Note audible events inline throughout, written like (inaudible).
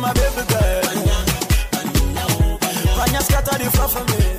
my baby girl. panya panya scatter the floor for me.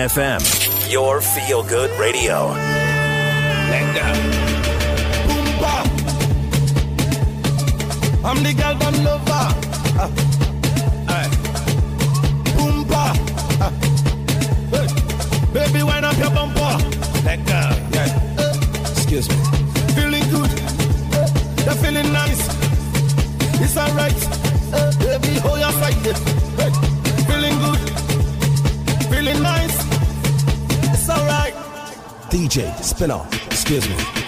FM, your feel good radio. Lenga. I'm the girl them lover. Uh, ah. uh. Boomba. Uh. Ah. Hey. Baby, wind up your bumper. Let go. Yeah. Uh. Excuse me. Feeling good. Uh. You're feeling nice. It's alright. Uh. Baby, hold your side. DJ, off. excuse me.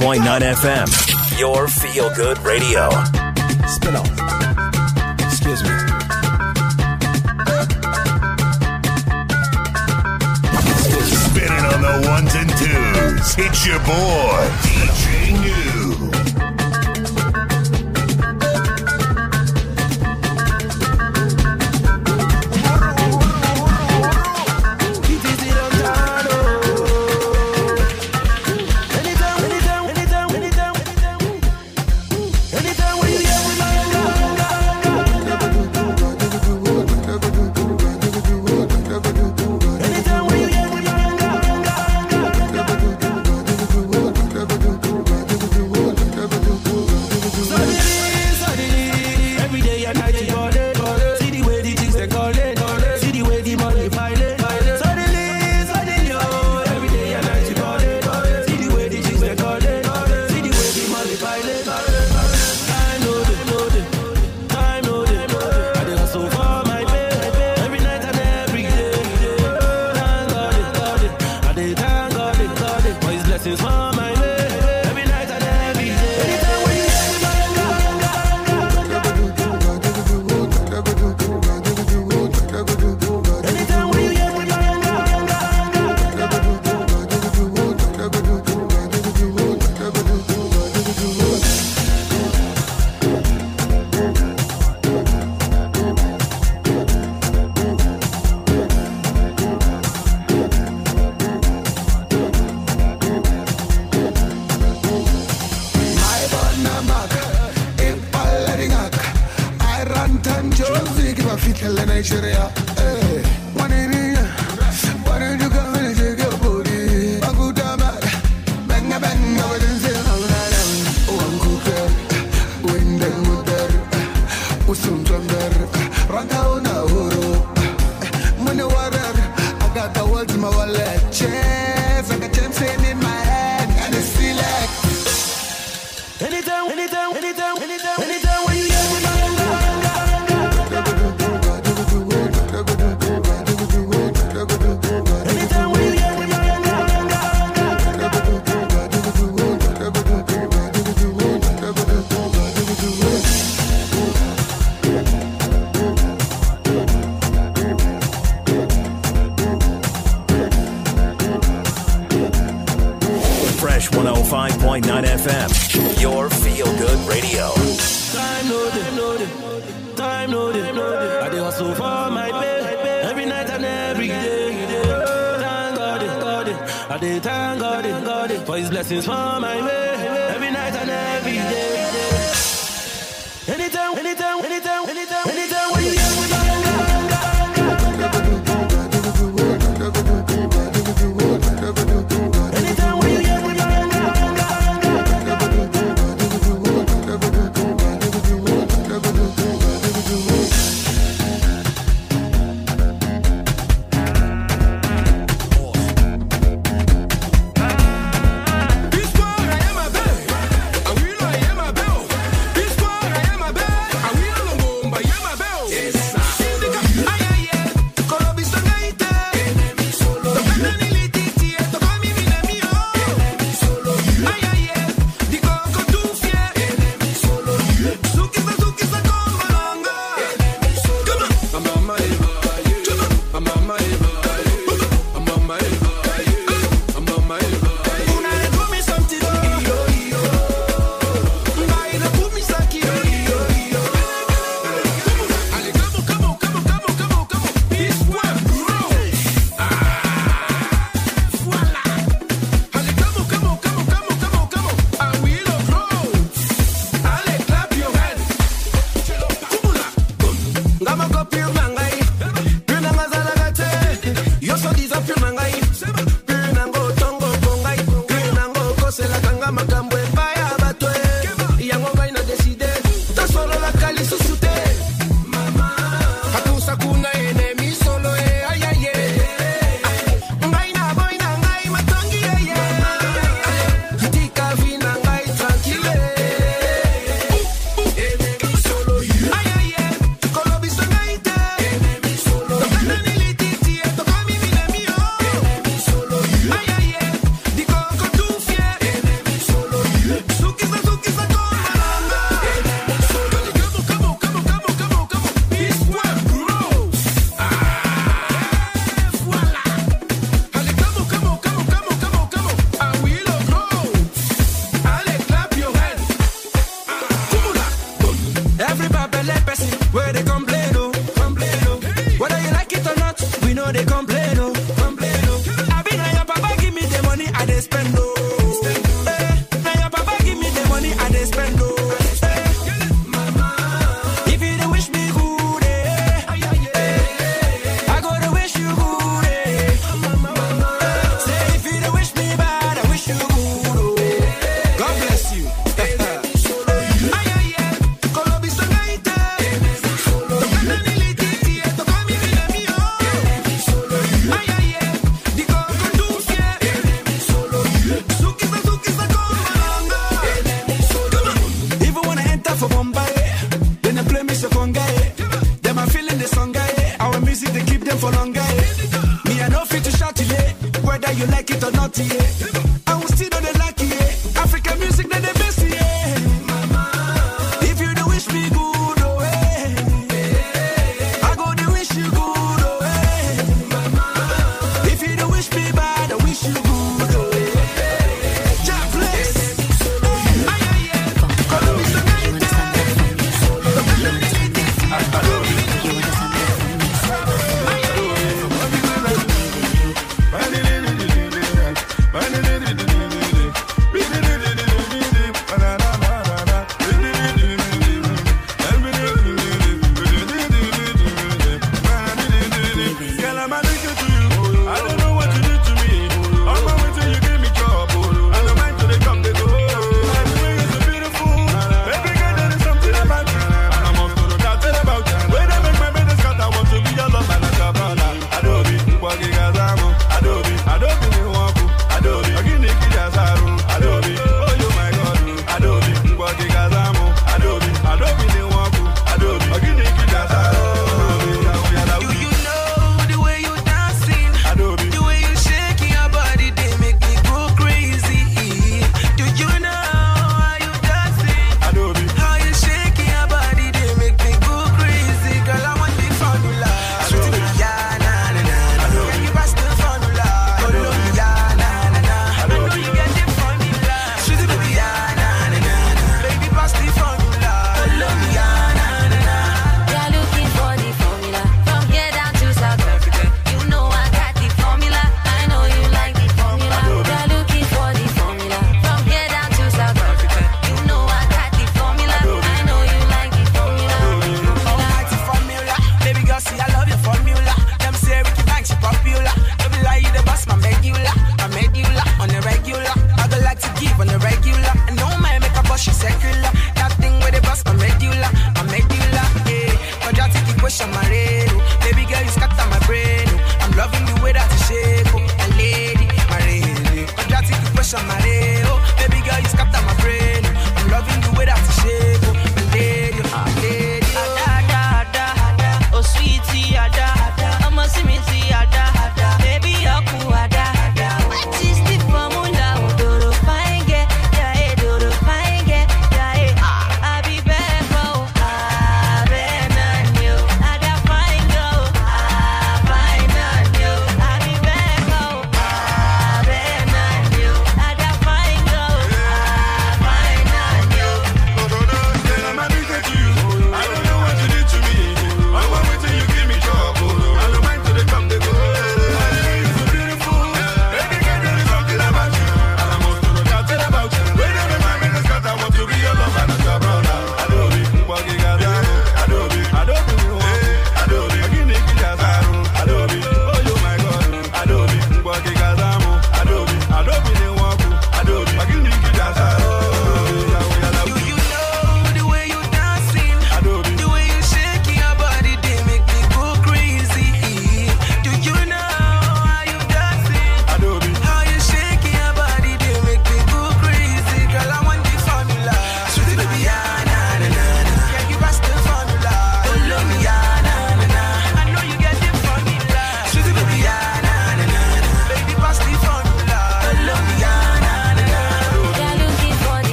106.9 FM, your feel good radio. Spin off. Excuse me. Spinning on the ones and twos. It's your boy. fit hell in Nigeria. Eh.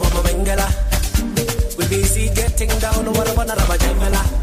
we wama mengala. We busy getting down, wala wana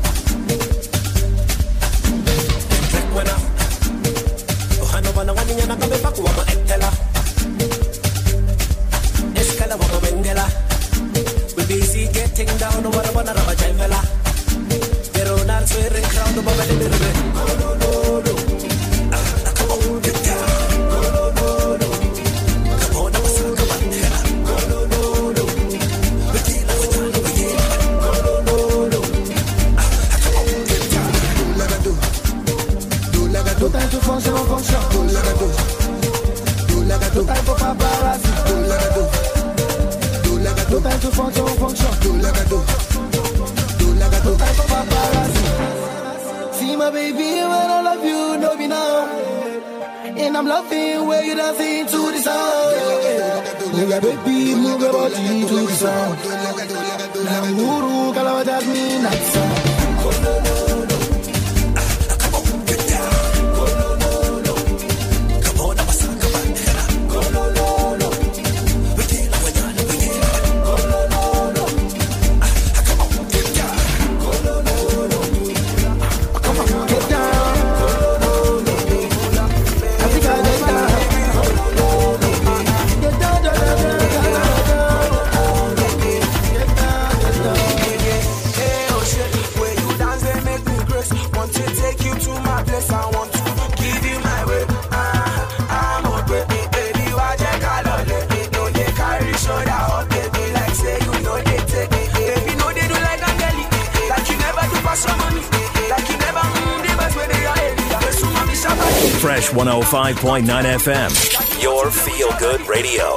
105.9 FM, your feel good radio.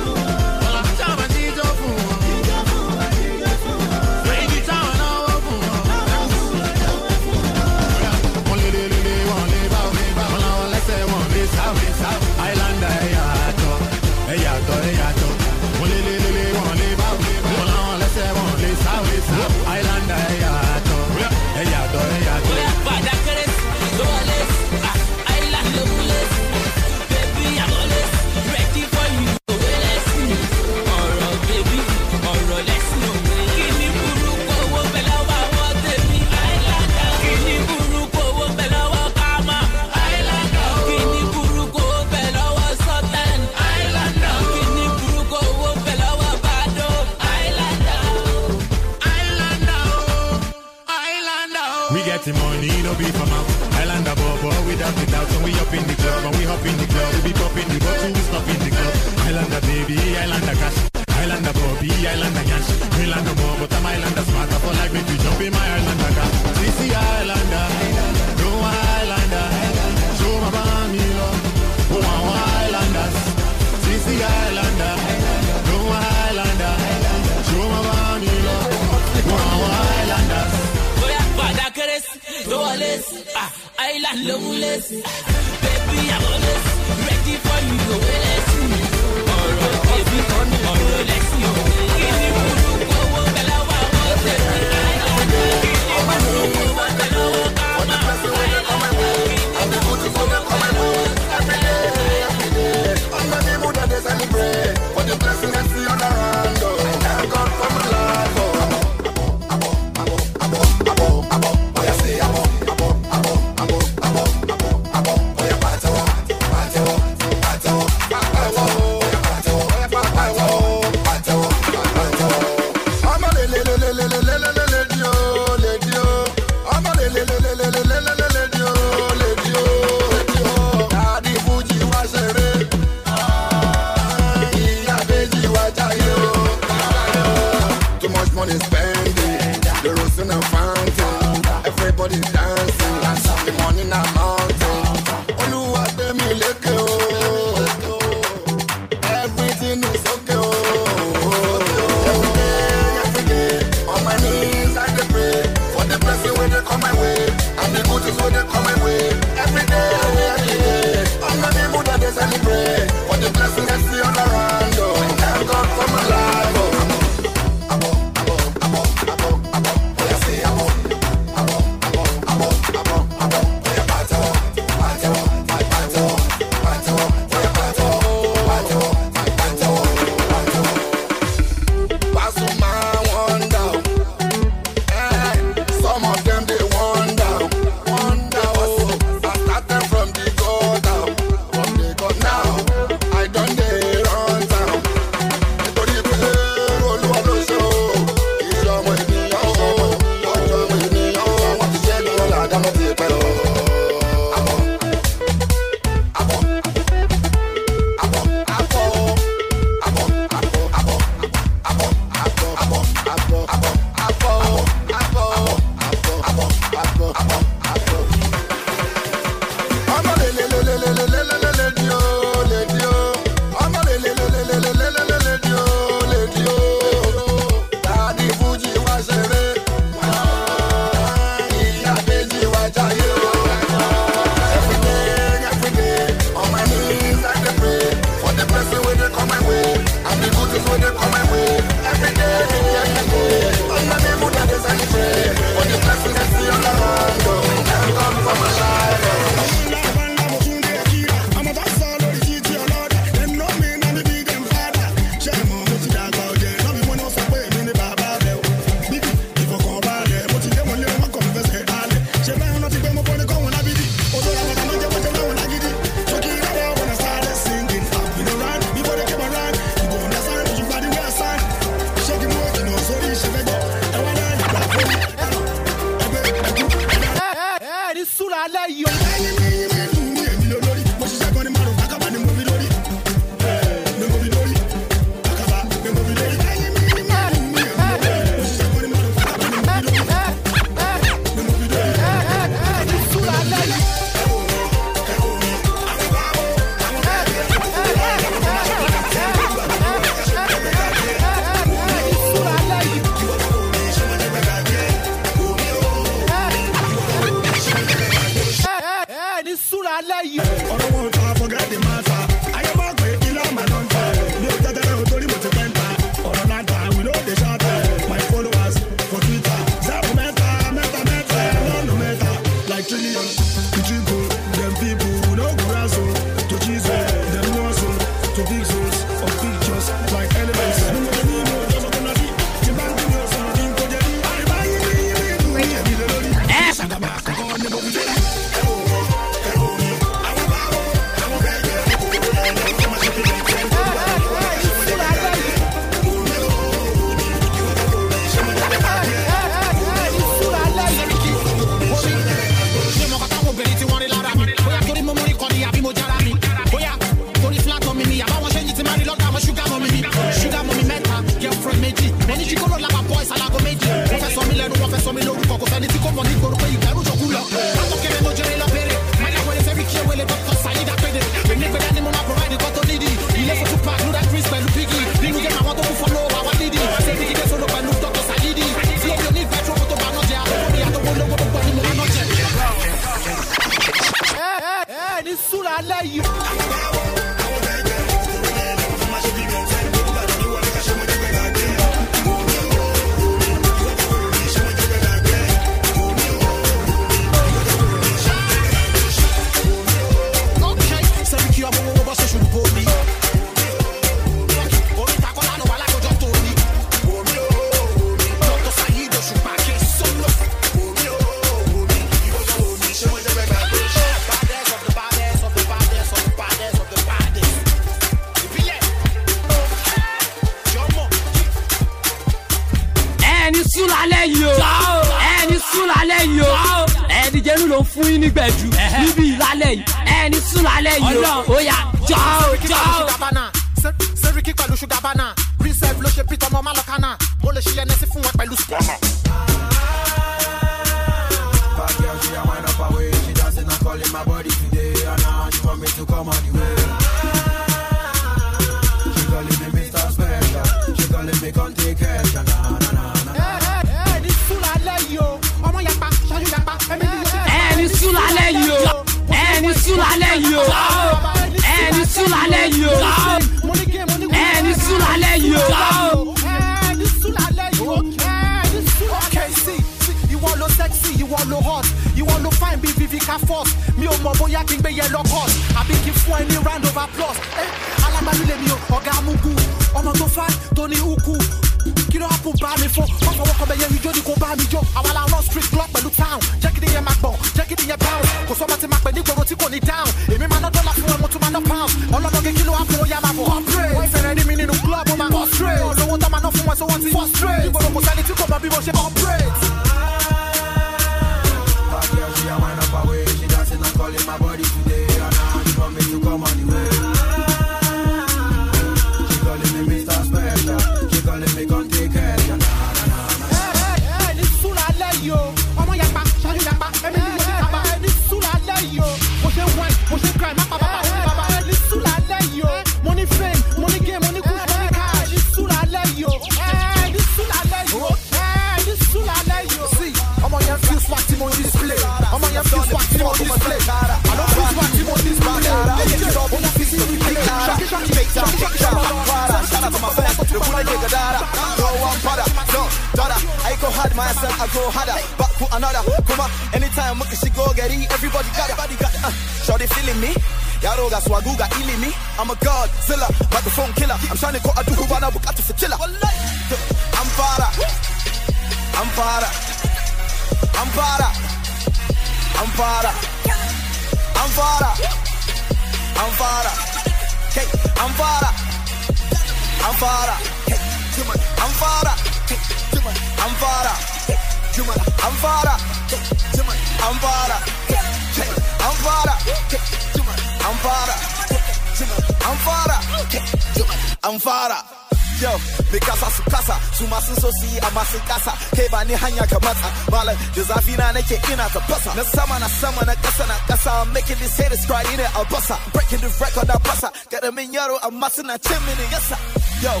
suna ce mini yasa yau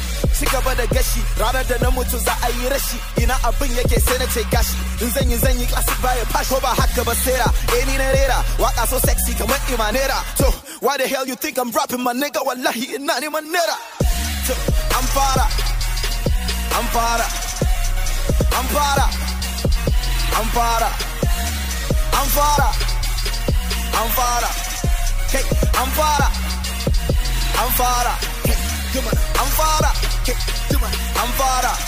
da gashi ranar da na za a yi rashi ina abin yake sai na ce gashi in zan yi classic baya fash ba haka ba sera eh ni na rera waka so sexy kamar imanera so why the hell you think I'm rapping my nigga wallahi ina neman naira to an fara an fara am fara an fara an fara am fara I'm fara I'm fired up. I'm fired up. I'm fired up.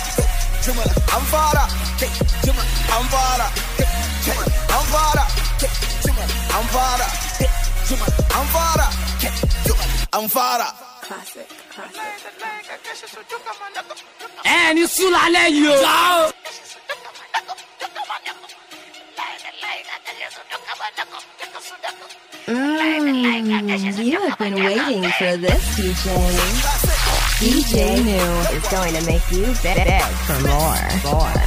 I'm fired up. I'm fired up. I'm fired up. I'm fired up. I'm fired up. I'm fired up. Classic, classic. And you still are you. Mm, you have been waiting for this, DJ. DJ New is going to make you beg for more. more, more.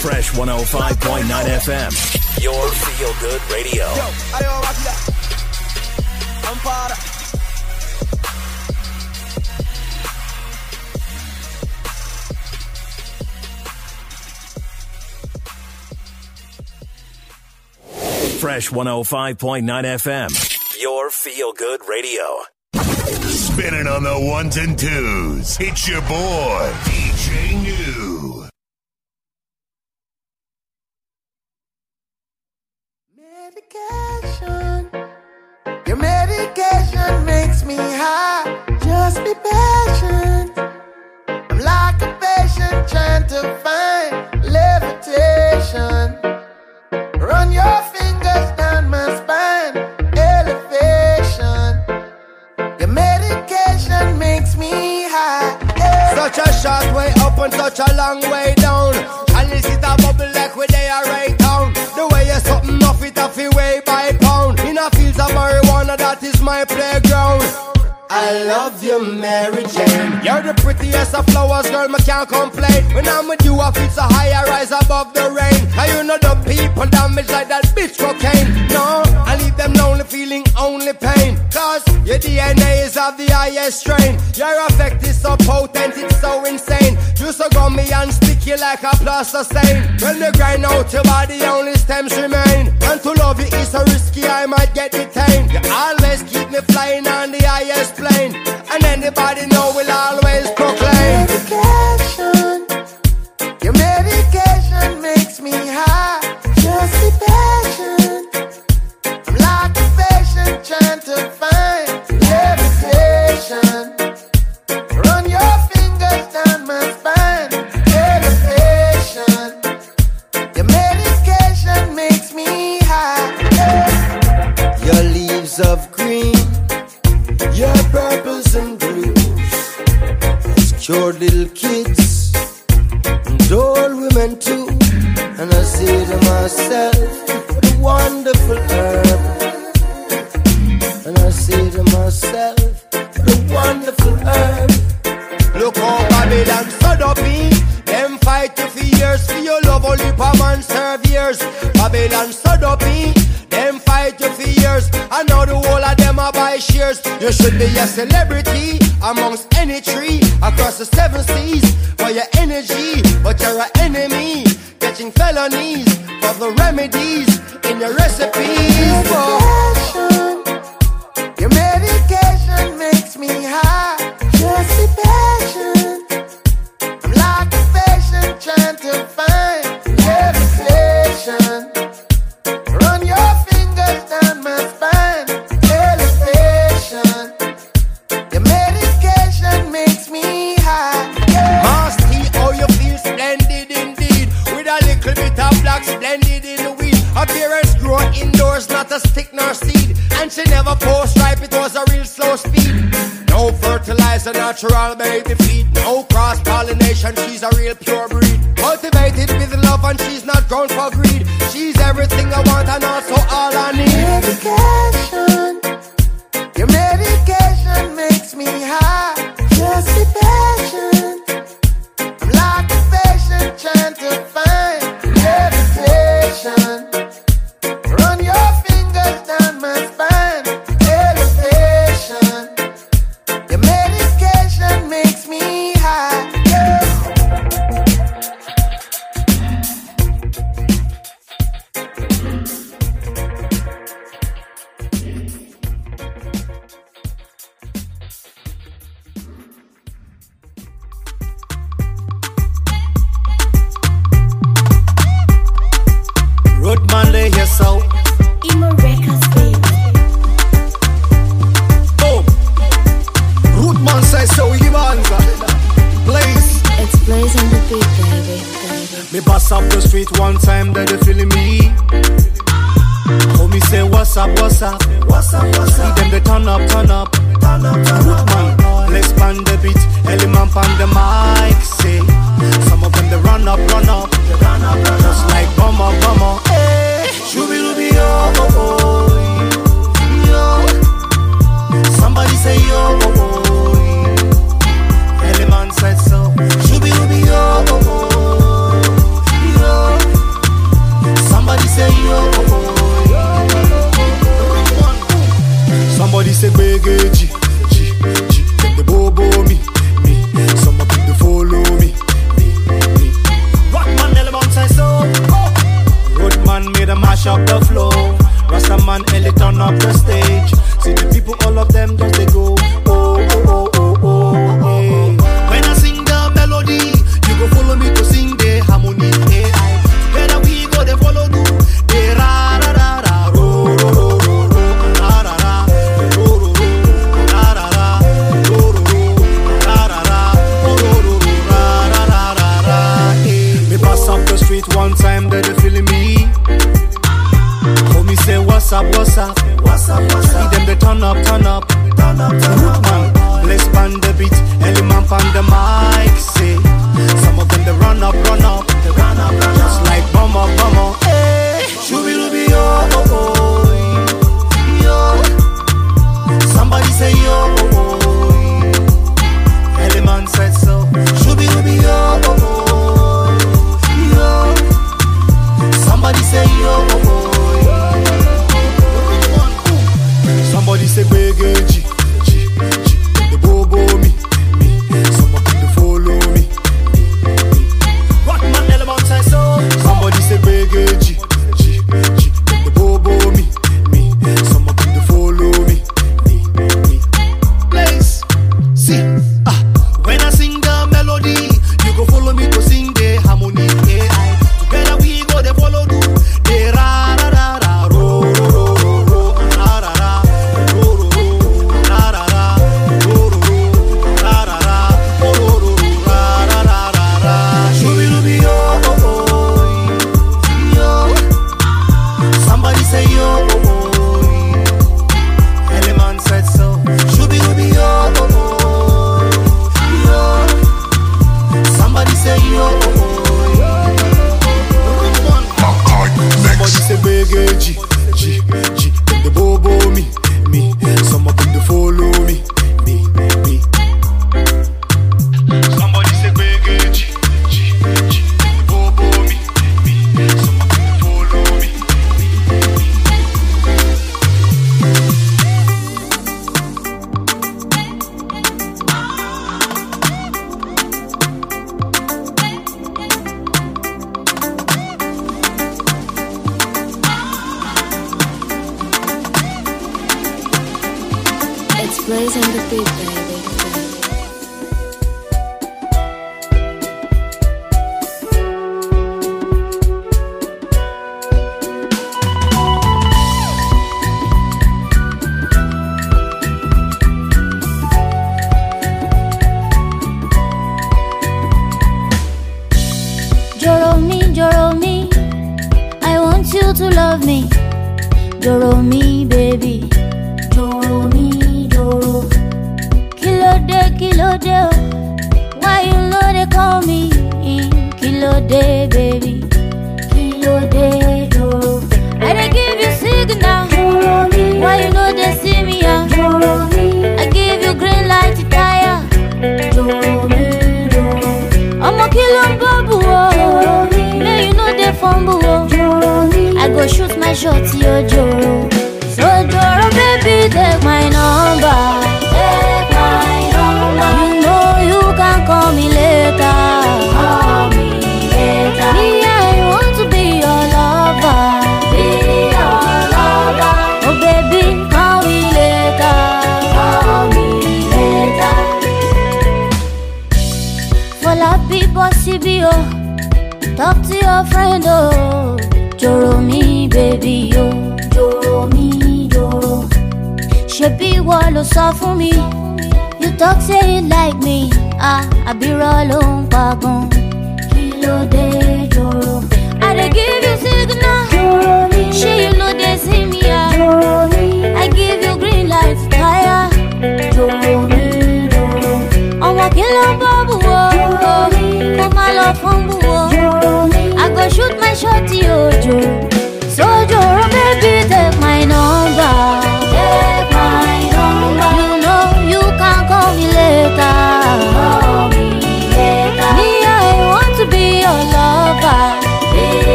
Fresh 105.9 FM, your feel good radio. Fresh 105.9 FM, your feel good radio. Spinning on the ones and twos. It's your boy, DJ New. Medication. Your medication makes me high. Just be patient. I'm like a patient trying to find levitation. Run your Touch a short way up and touch a long way down. And this is a bubble like we they are right down. The way you're something off it off it way by pound. In a fields of marijuana, that is my playground. I love you, Mary Jane. You're the prettiest of flowers, girl, me can't complain. When I'm with you, I feel so high, I rise above the rain. Are you know the people damage like that bitch cocaine? No, I leave them lonely, feeling only pain. Cause your DNA is of the highest strain. You're affected so potent, it's so insane. You so gummy and sticky like a plaster stain. When you grind out your body, only stems remain. And to love you is so risky, I might get detained. You always keep me flying on the highest plane. And anybody knows of green, your purples and blues. Cured little kids and old women too. And I say to myself, what a wonderful herb. And I say to myself, what a wonderful herb. Look how Babylon stood up in. Them fight you for years, for your love only for man serve years. Babylon stood up in for years. I know the whole of them are by shares. You should be a celebrity amongst any tree across the seven seas for your energy, but you're an enemy. Catching felonies for the remedies in your recipes.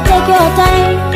take your time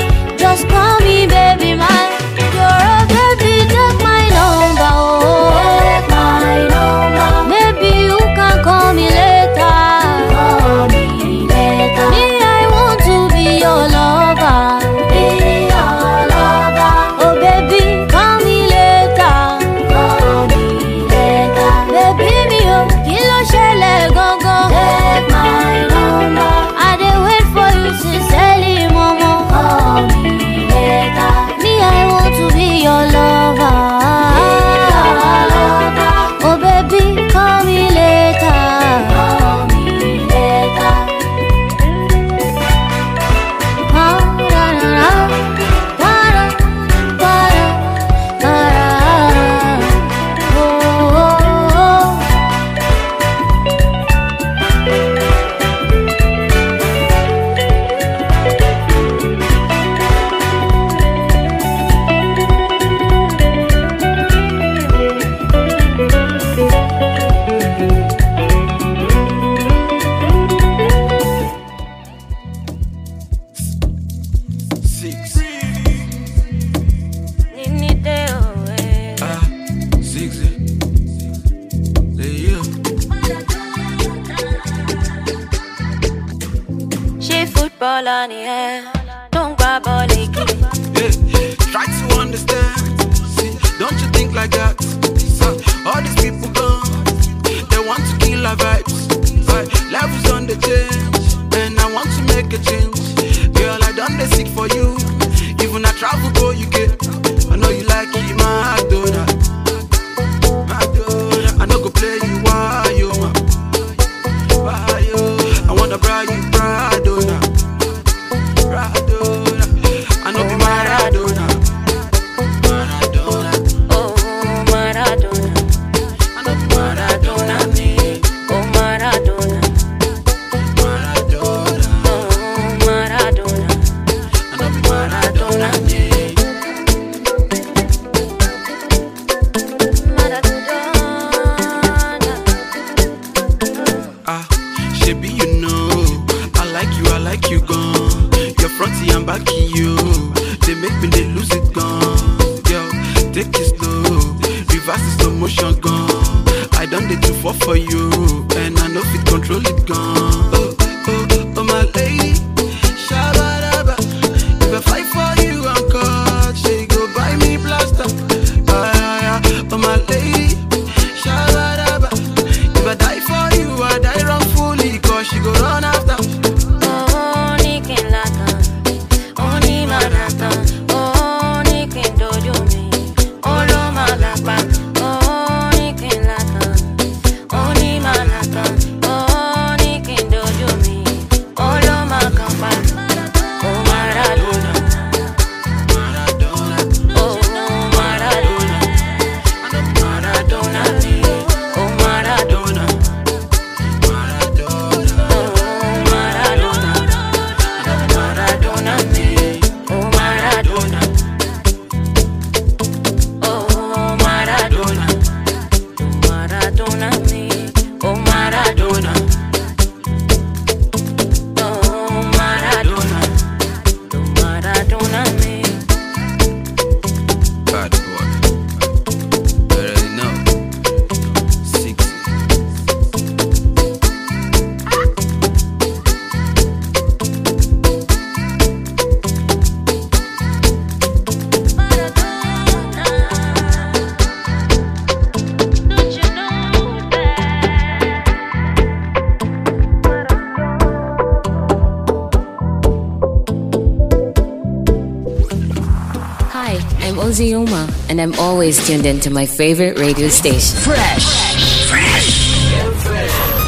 always tuned into my favorite radio station. Fresh. Fresh.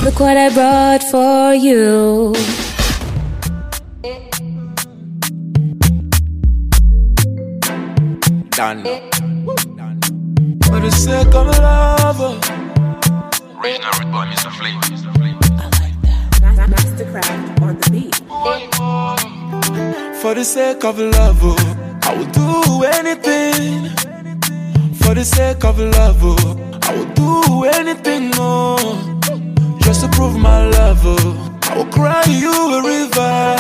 Look what I brought for you. Done. For the sake of love. Original I like that. Mastercraft on the beat. For the sake of love. like of love. Oh. I would do anything, oh, just to prove my love. Oh. I will cry you a river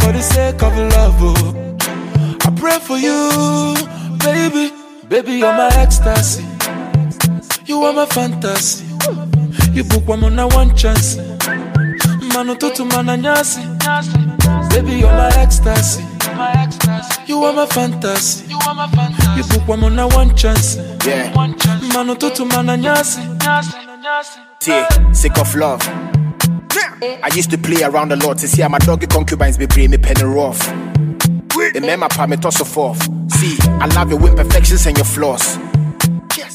for the sake of love. Oh. I pray for you, baby. Baby, you're my ecstasy. You are my fantasy. You book one on one chance. Manu tutu mananyasi. Baby, you're my ecstasy. My ecstasy. You are my fantasy. You are my fantasy. You book one on one chance. Yeah. One chance. Mano tutu mana nyasi. See sick of love. I used to play around a lot to see how my doggy concubines be bring me penny rough. Remember, pa me toss off. See, I love your imperfections and your flaws.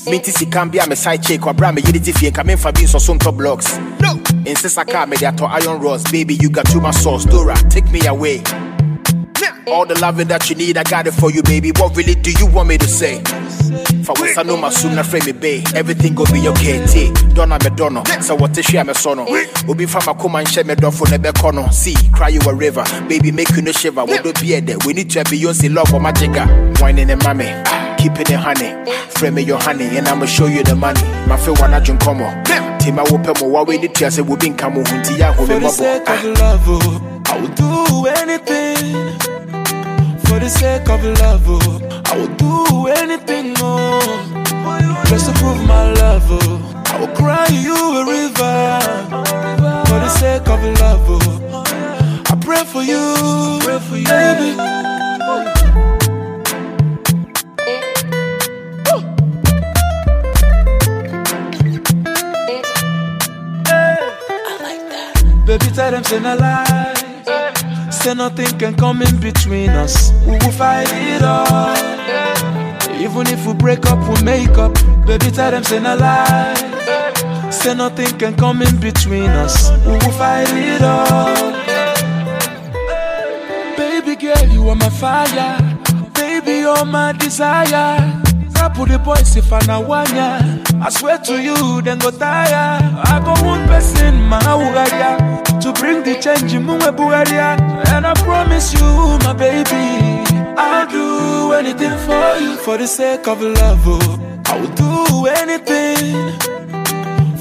Me si can be a me side check or brand me unity fee and come in for being so soon top blocks. No, in can't me they iron rods. Baby, you got too much sauce. Dora, take me away. All the loving that you need, I got it for you, baby. What really do you want me to say? For once I know my soon I frame me bay. Everything gonna be okay. T Donna Madonna, Donna. So what is she I'm a son. be from a come and share me door for the corner. See, cry you a river. Baby, make you no shiver. We do be there. We need to have Beyonce love for my jigger. Whining the mommy. Keeping it honey. Frame me your honey, and I'ma show you the money. My feel wanna drink come on. Tim I will pay more. What we need to say we be come on. For the sake of love, oh. I will do anything for the sake of love, oh. I will do anything, oh. Just to prove my love, oh. I will cry you a river for the sake of love, oh. I pray for you, pray for you, baby. Eh. Eh. Baby, tell them say no lie. Say nothing can come in between us. We will fight it all. Even if we break up, we make up. Baby, tell them say no lie. Say nothing can come in between us. We will fight it all. Baby girl, you are my fire. Baby, you're my desire. put the boys if I want wanya. I swear to you, then go tire. I go one person, Mahawaya, to bring the change in Bugaria. And I promise you, my baby, I'll do anything for you for the sake of love. Oh. I will do anything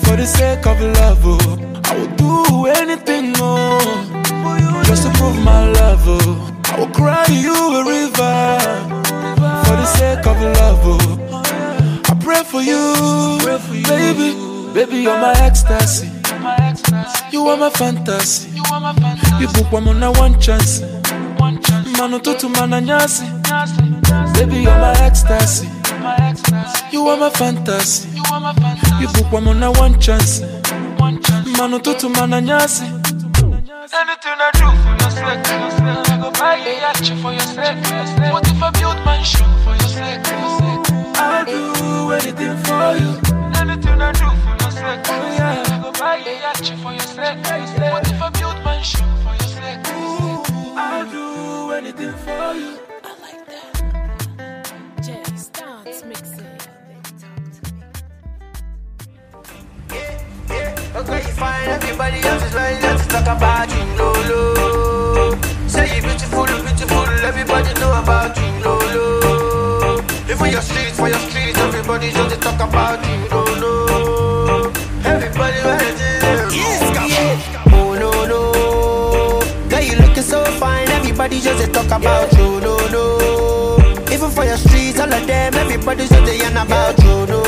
for the sake of love. Oh. I will do anything, oh, just to prove my love. Oh. I will cry you a river for the sake of love. Oh for you, baby. Baby, you're my ecstasy. You are my fantasy. You book one on one chance. Mano tutu mana nyasi. Baby, you're my ecstasy. You are my fantasy. You book one on one chance. Mano tutu mana nyasi. Anything I do for your sake, I go buy a yacht for your sake. What if I build mansion for your sake? I'll do anything for you. Anything I do for your sake. Oh, yeah. I go buy a yacht for your sake. What if I build mansion for your sake? Ooh, I'll do anything for you. I like that. Jay Stance mixing. Yeah, yeah. Look you find everybody else is lying. Let's talk about you, Lolo. Say you beautiful, beautiful. Everybody know about you, Lolo your streets, for your streets, everybody just talk about you don't know. Everybody ready. Yes, yeah. Oh no no, girl you looking so fine. Everybody just talk about you, no no. Even for your streets, all of them, everybody just yarn about you, no.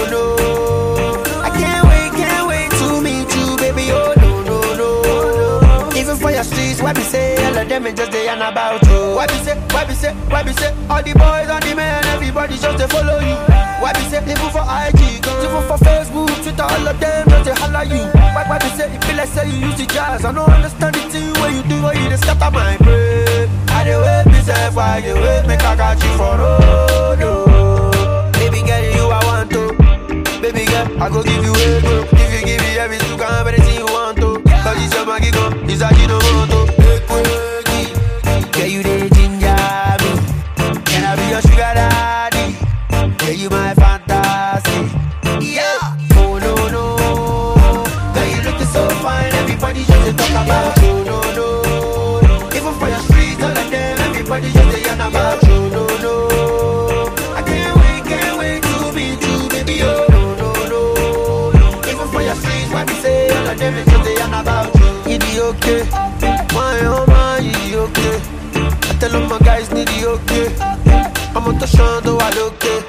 your streets, what we say, all of them is just they and about you. What we say, what we say, what we say, all the boys, and the men, everybody just they follow you. What we say, people for IG, people for Facebook, Twitter, all of them just they holler you. What, what we say, if you like say you use the jazz, I don't understand it too, what you do, what you just scatter my brain. I dey wait myself, I dey wait, make I catch you for road, oh. Baby girl, you I want to. Baby girl, I go give you a go. If you give me every sugar can have you want to. Cause it's your magic, oh. it's a you know. okay. I'm on the show, though I look good.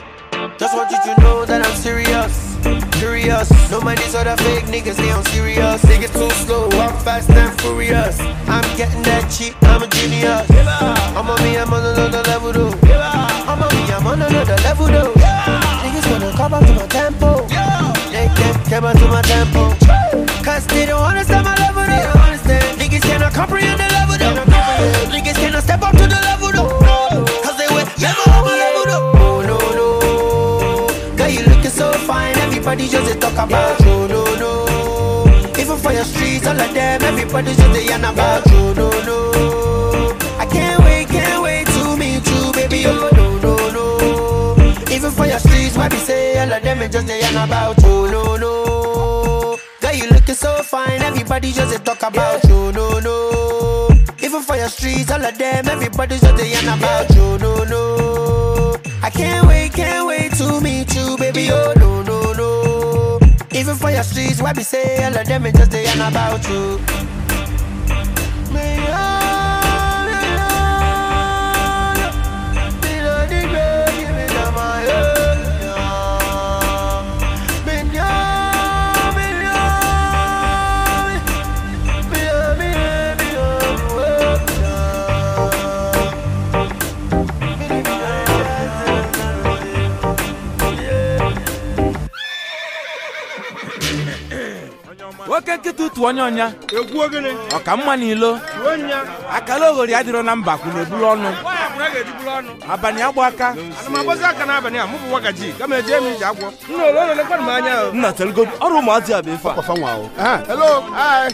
Just want you to know that I'm serious. Curious, no man, these other fake niggas, they on serious. They get too slow, I'm fast and furious. I'm getting that cheap, I'm a genius. I'm on me, I'm on another level though. I'm on me, I'm on another level though. Niggas gonna come up to my tempo. They can't come up to my tempo. Cause they don't understand my everybody just they talk about you, no, no. Even for your streets, all of them, everybody just they yarn about you, no, no. I can't wait, can't wait to meet you, baby, oh, no, no, no. Even for your streets, why be say all of them, just they yarn about you, no, no. Girl, you looking so fine, everybody just they talk about you, no, no. Even for your streets, all of them, everybody just they yarn about you, no, no. I can't wait, can't wait to meet you, baby, oh, your streets, why be say all of them is just they ain't about you? nwoke nkịta utu onye ọnya ọka mma n'ilo akara oghori adịrọ na mba kwụ na ọnụ ga eji bụrụ ọnụ abalị agbụ aka anamagbozi aka n'abalị a mụbụ wagaji gama eji emi ji agwọ nna ole ole lekwa m anya nna telgo ọrụ ụmụazị a bụ ife a kwafa nwa ahụ hello hi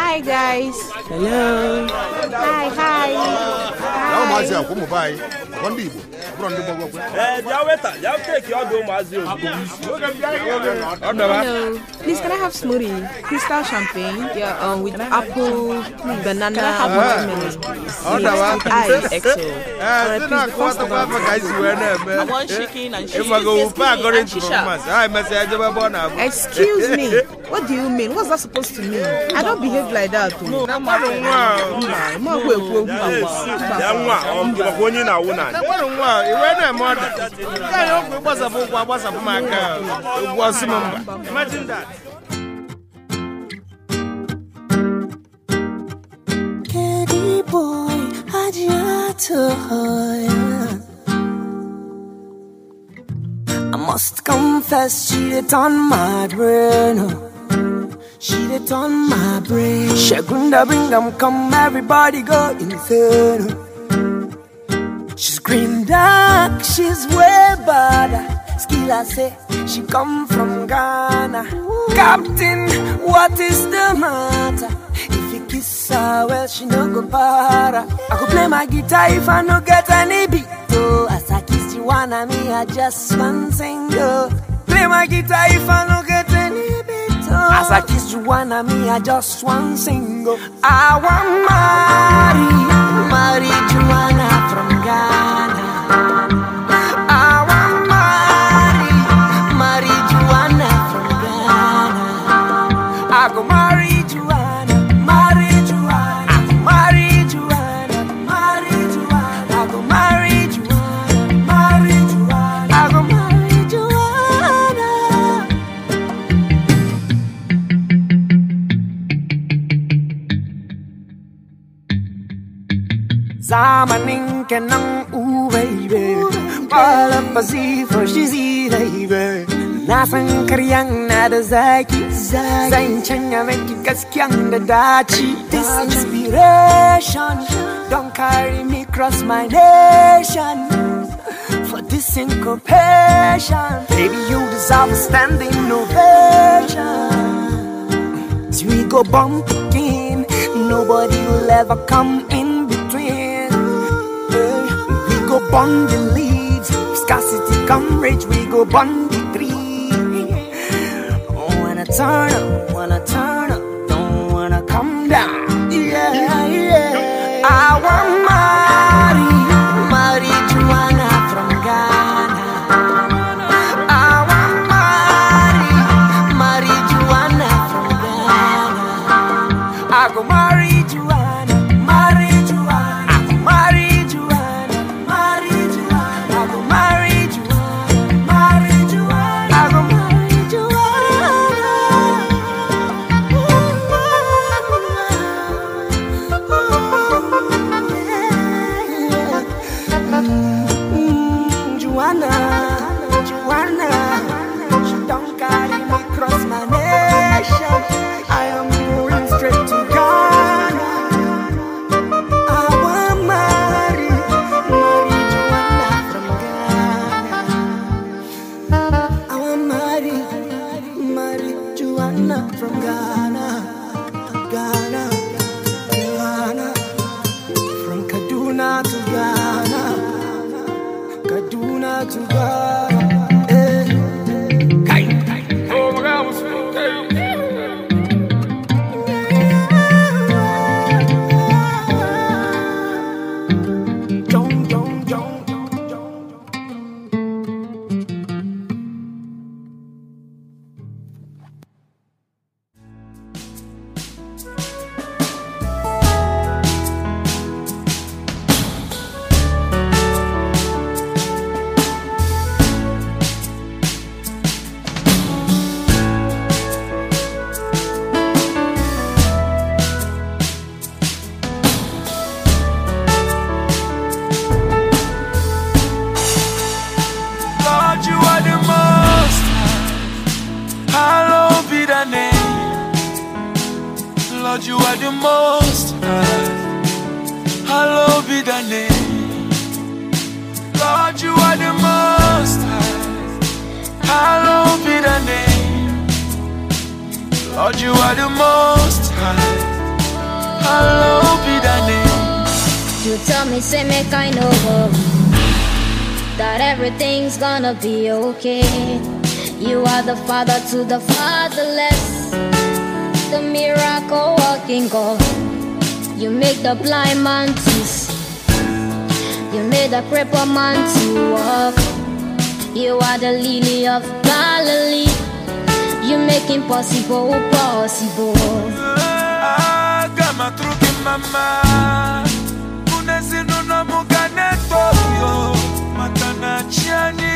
hi guys hello hi hi na ụmụazị a kwụmụ be anyị ọkọ ndị igbo ọbụrụ ndị gbọgbọ bịa weta bịa teki ọdụ ụmụazị ozugbo Hello, please can I have smoothie, crystal champagne, yeah, um, with apple, banana, watermelon. Ah. Ah. (laughs) Eh, I, want eh? chicken and cheese. Excuse me. (laughs) What do you mean? What's that supposed to mean? I don't behave like that. Oh. No, no, no. Imagine that. boy gotta. I must confess, she did on my brain. She did on my brain. Shagunda them. come, everybody go inferno. She's green dark, she's way bad. Skill, I say, she come from Ghana. Captain, what is the matter? kiss her, well, she no go para. I go play my guitar if I no get any beat. Oh, as I kiss you, one of me, I just one single. Play my guitar if I no get any beat. Oh, as I kiss you, one of me, I just one single. I want Mary, Mary wanna from God. Samanin ka ng U-Baby pasi for she's E-Baby san karyang na da zaki Zan canya maki gaskiyan da dachi This inspiration Don't carry me cross my nation For this syncopation Baby you deserve a standing ovation As we go bump again Nobody will ever come in abundant leads. Scarcity come rich, we go bundle 3 Oh, want wanna turn up, wanna turn up, don't wanna come down. Yeah, yeah. gonna be okay. You are the father to the fatherless, the miracle working God. You make the blind man to see, you made the crippled man to walk. You are the lily of Galilee, you make impossible possible. Ah, kama truki mama, kuna sinu matana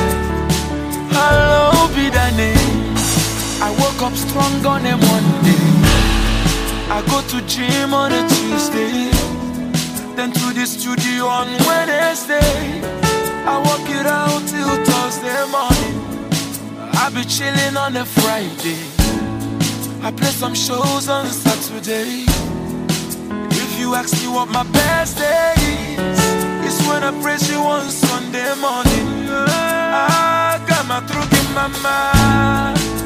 up strong on a Monday. I go to gym on a Tuesday, then to the studio on Wednesday. I work it out till Thursday morning. I be chilling on a Friday. I play some shows on Saturday. If you ask me what my best day is, it's when I praise you on Sunday morning. I got my in my mind.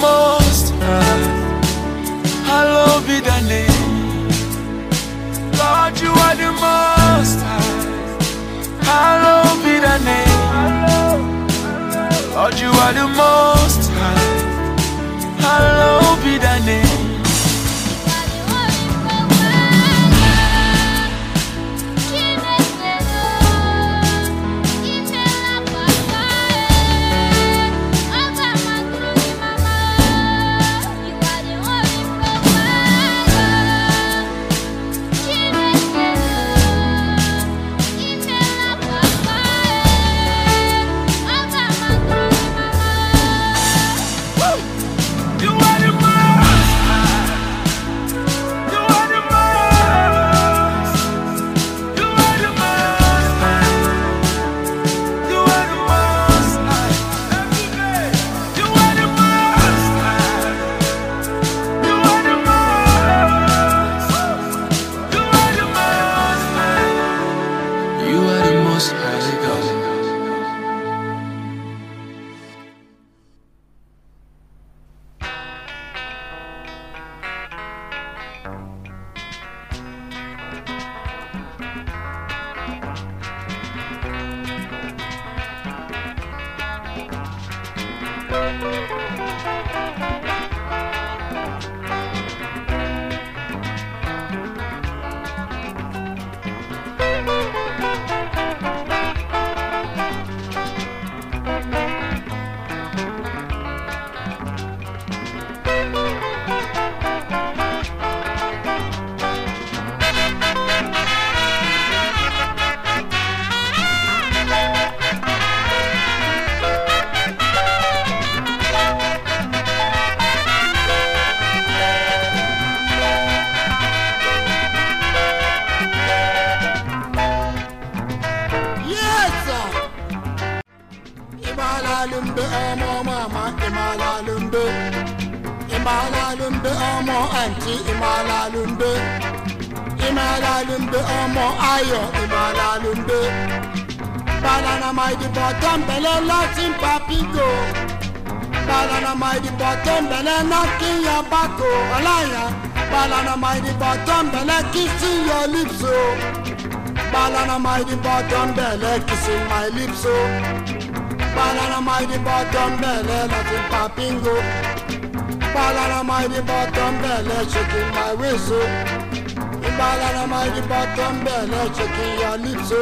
most high. Uh, hallowed be thy name. Lord, you are the most high. Uh, hallowed be thy name. Lord, you are the most high. Uh, hallowed be thy name. my the bottom kissing my lips so. Oh. Banana my the bottom belly, nothing popping go. Oh. Banana my the bottom shaking my waist so. Oh. Banana my the bottom shaking your lips so.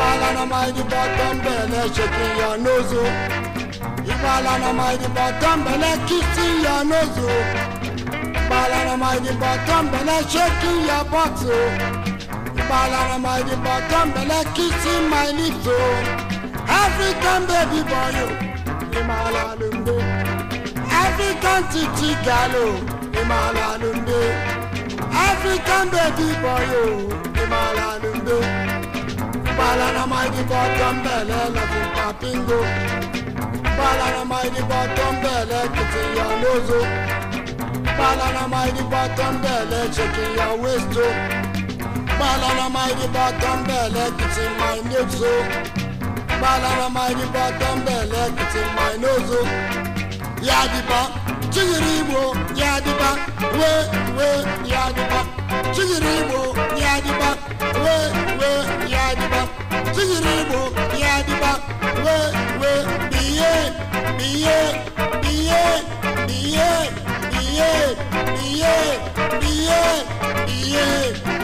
Banana my the bottom shaking your nose so. Banana my the bottom belly, kissing your nose so. Banana my the bottom belly, shaking your butt so. Babalara mighty bottom, bella kissing my lips, oh. African baby boy, oh. Imalalumbe. African titi gallo, Imalalumbe. African baby boy, oh. Imalalumbe. Balara mighty bottom, bella loving papingo. Balara mighty bottom, bella kissing your nose, oh. Balara mighty bottom, bella checking your waist, oh. Balana mighty bottom belly, it's in my nose. Oh. Balana mighty bottom belly, it's in my nose. Oh. Yadiba, Chigiribo, Yadiba, we, we, Yadiba, Chigiribo, Yadiba, we, we, Yadiba, Chigiribo, Yadiba, we, we, BA, BA, BA, BA. billet, billet, billet, billet,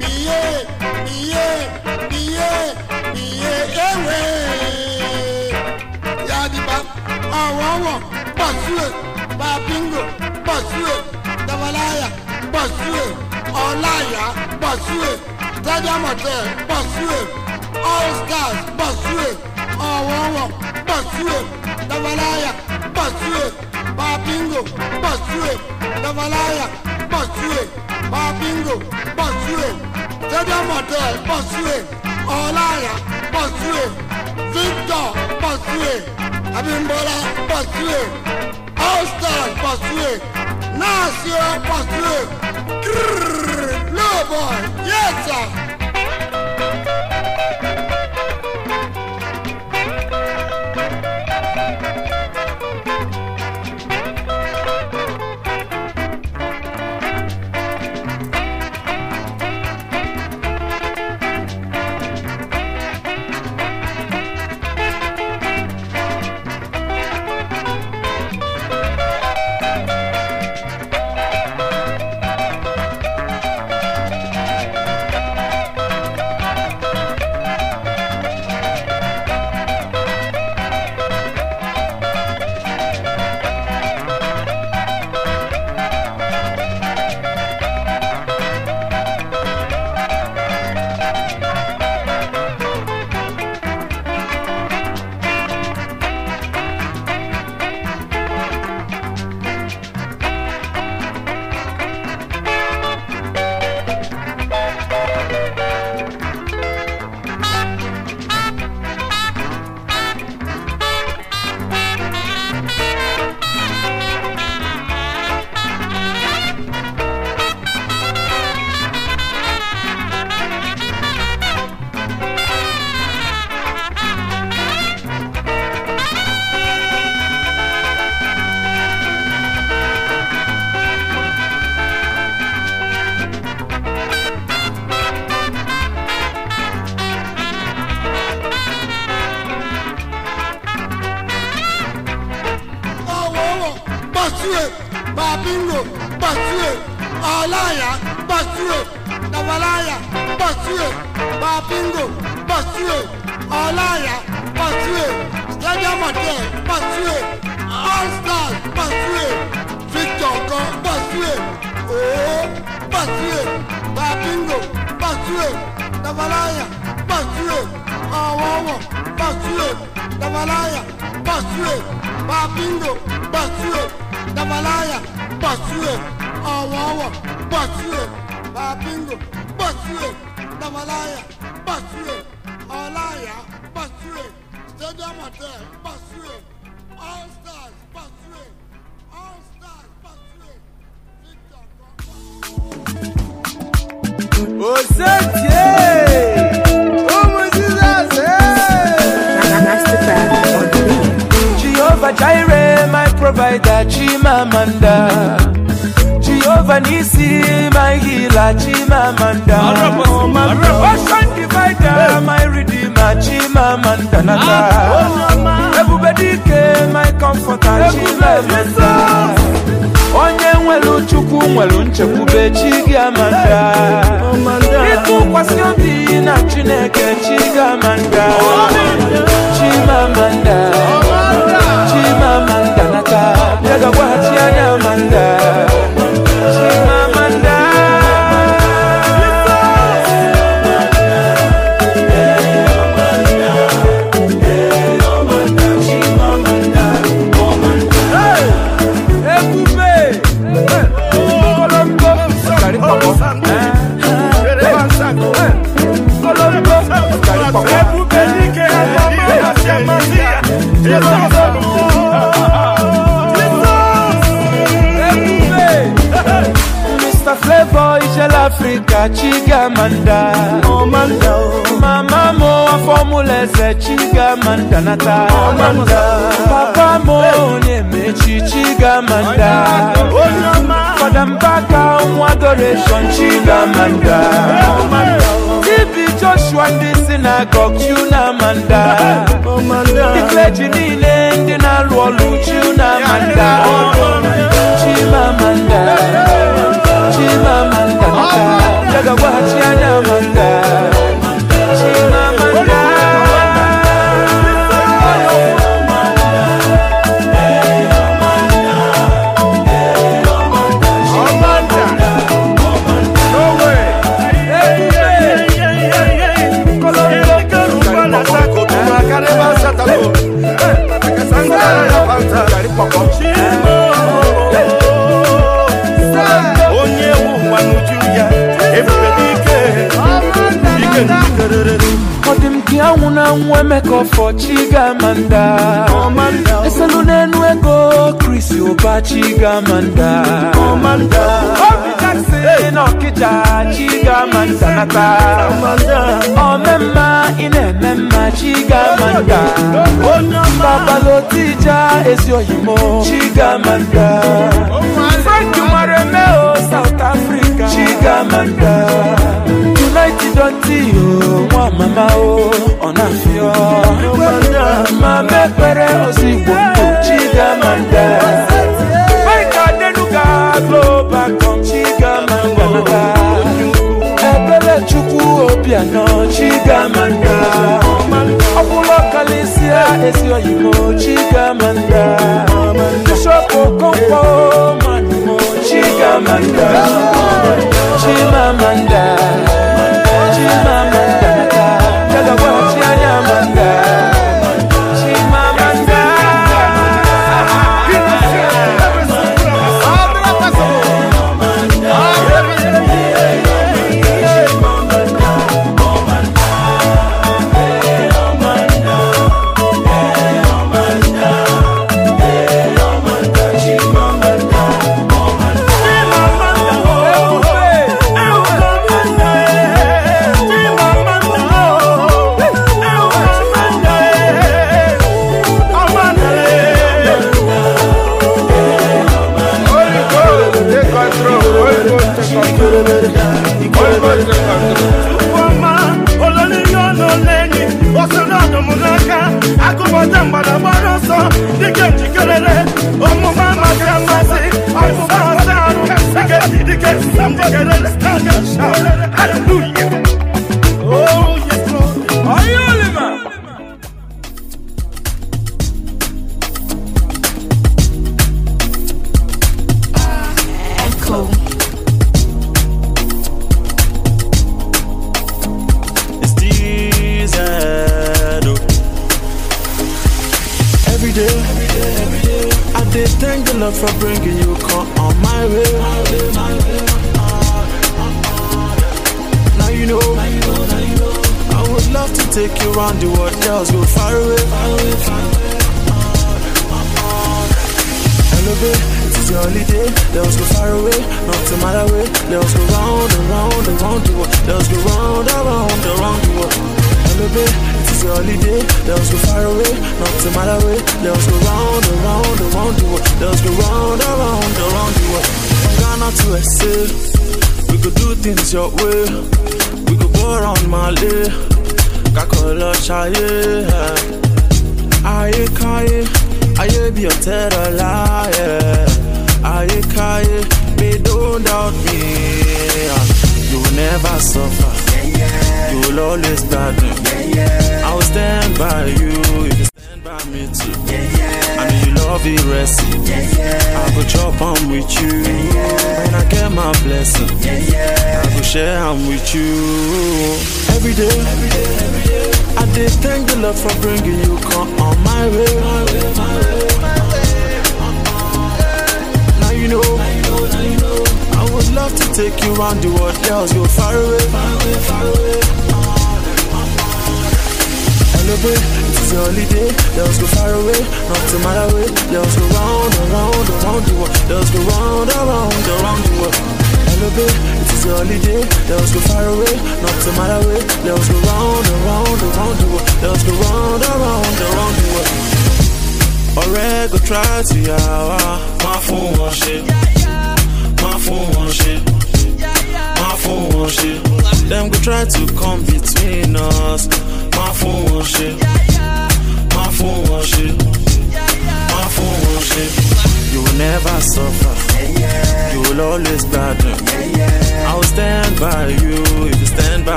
billet, billet, billet, billet, ewe. Yadiba, awawa, basue, babingo, basue, dabalaya, basue, ọláyà, basue, tajamọtẹ, basue, all stars, basue, awawa, basue, dabalaya, basue. Bingo, Bosue, Davalaya, Bosue, Bingo, Bosue, Jada Motel, Bosue, Olaya, Bosue, Victor, Bosue, Abimbola, Bosue, Austin, Bosue, Nasio, Bosue, Grrrr, Blue Boy, yes sir. Jehovah Jireh, my provider, Chimamanda. Jehovah Nisi, my healer, Chimamanda. my passion divider, my redeemer, Chimamanda. Ah. Everybody, my comforter, Chimamanda. luchukumwa lunchekuba ekigamba nda etukwasya obi na chineke ekigamba nda kimamba nda kimamba nda nata yagagwatyanyamba nda Africa chigamanda Manda, Mama mo formula ze chigamanda nata Manda, Papa mo nyeme chi chigamanda oh, Father Mbaka adoration chigamanda Manda, TV Joshua ndị synagogue chunamanda Ndị clergy niile ndị na-alụ ọlụ chunamanda Chimamanda Chimamanda daga kwaciya da manga shi ma manga Hey! ọdị m ka ya nwụ na nwa emeka ọfọchi gamanda eselu n'enu ego kris ụbachi gamanda obi taksi n'ọkịja chigamanda nata omemma ị na-eme mma chigamanda babalotija ezi oyimo chigamanda frank mara emeo south africa chigamanda united ọtị o mama o ọ̀nàfíọ́ mama mẹ́pẹ̀rẹ́ òsìgbò chigamanda fẹ́ẹ̀ka denuga global com chigamanda ebere chukwu obianọ chigamanda ọbụlọkalisia esi oyimo chigamanda bishop okonkwo manumo chigamanda chimamanda.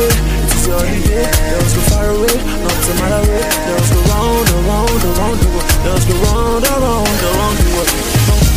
it, it is your idiot. Girls go far away, not to matter it. Girls go round, around, around the world. Girls go round, around, around the world.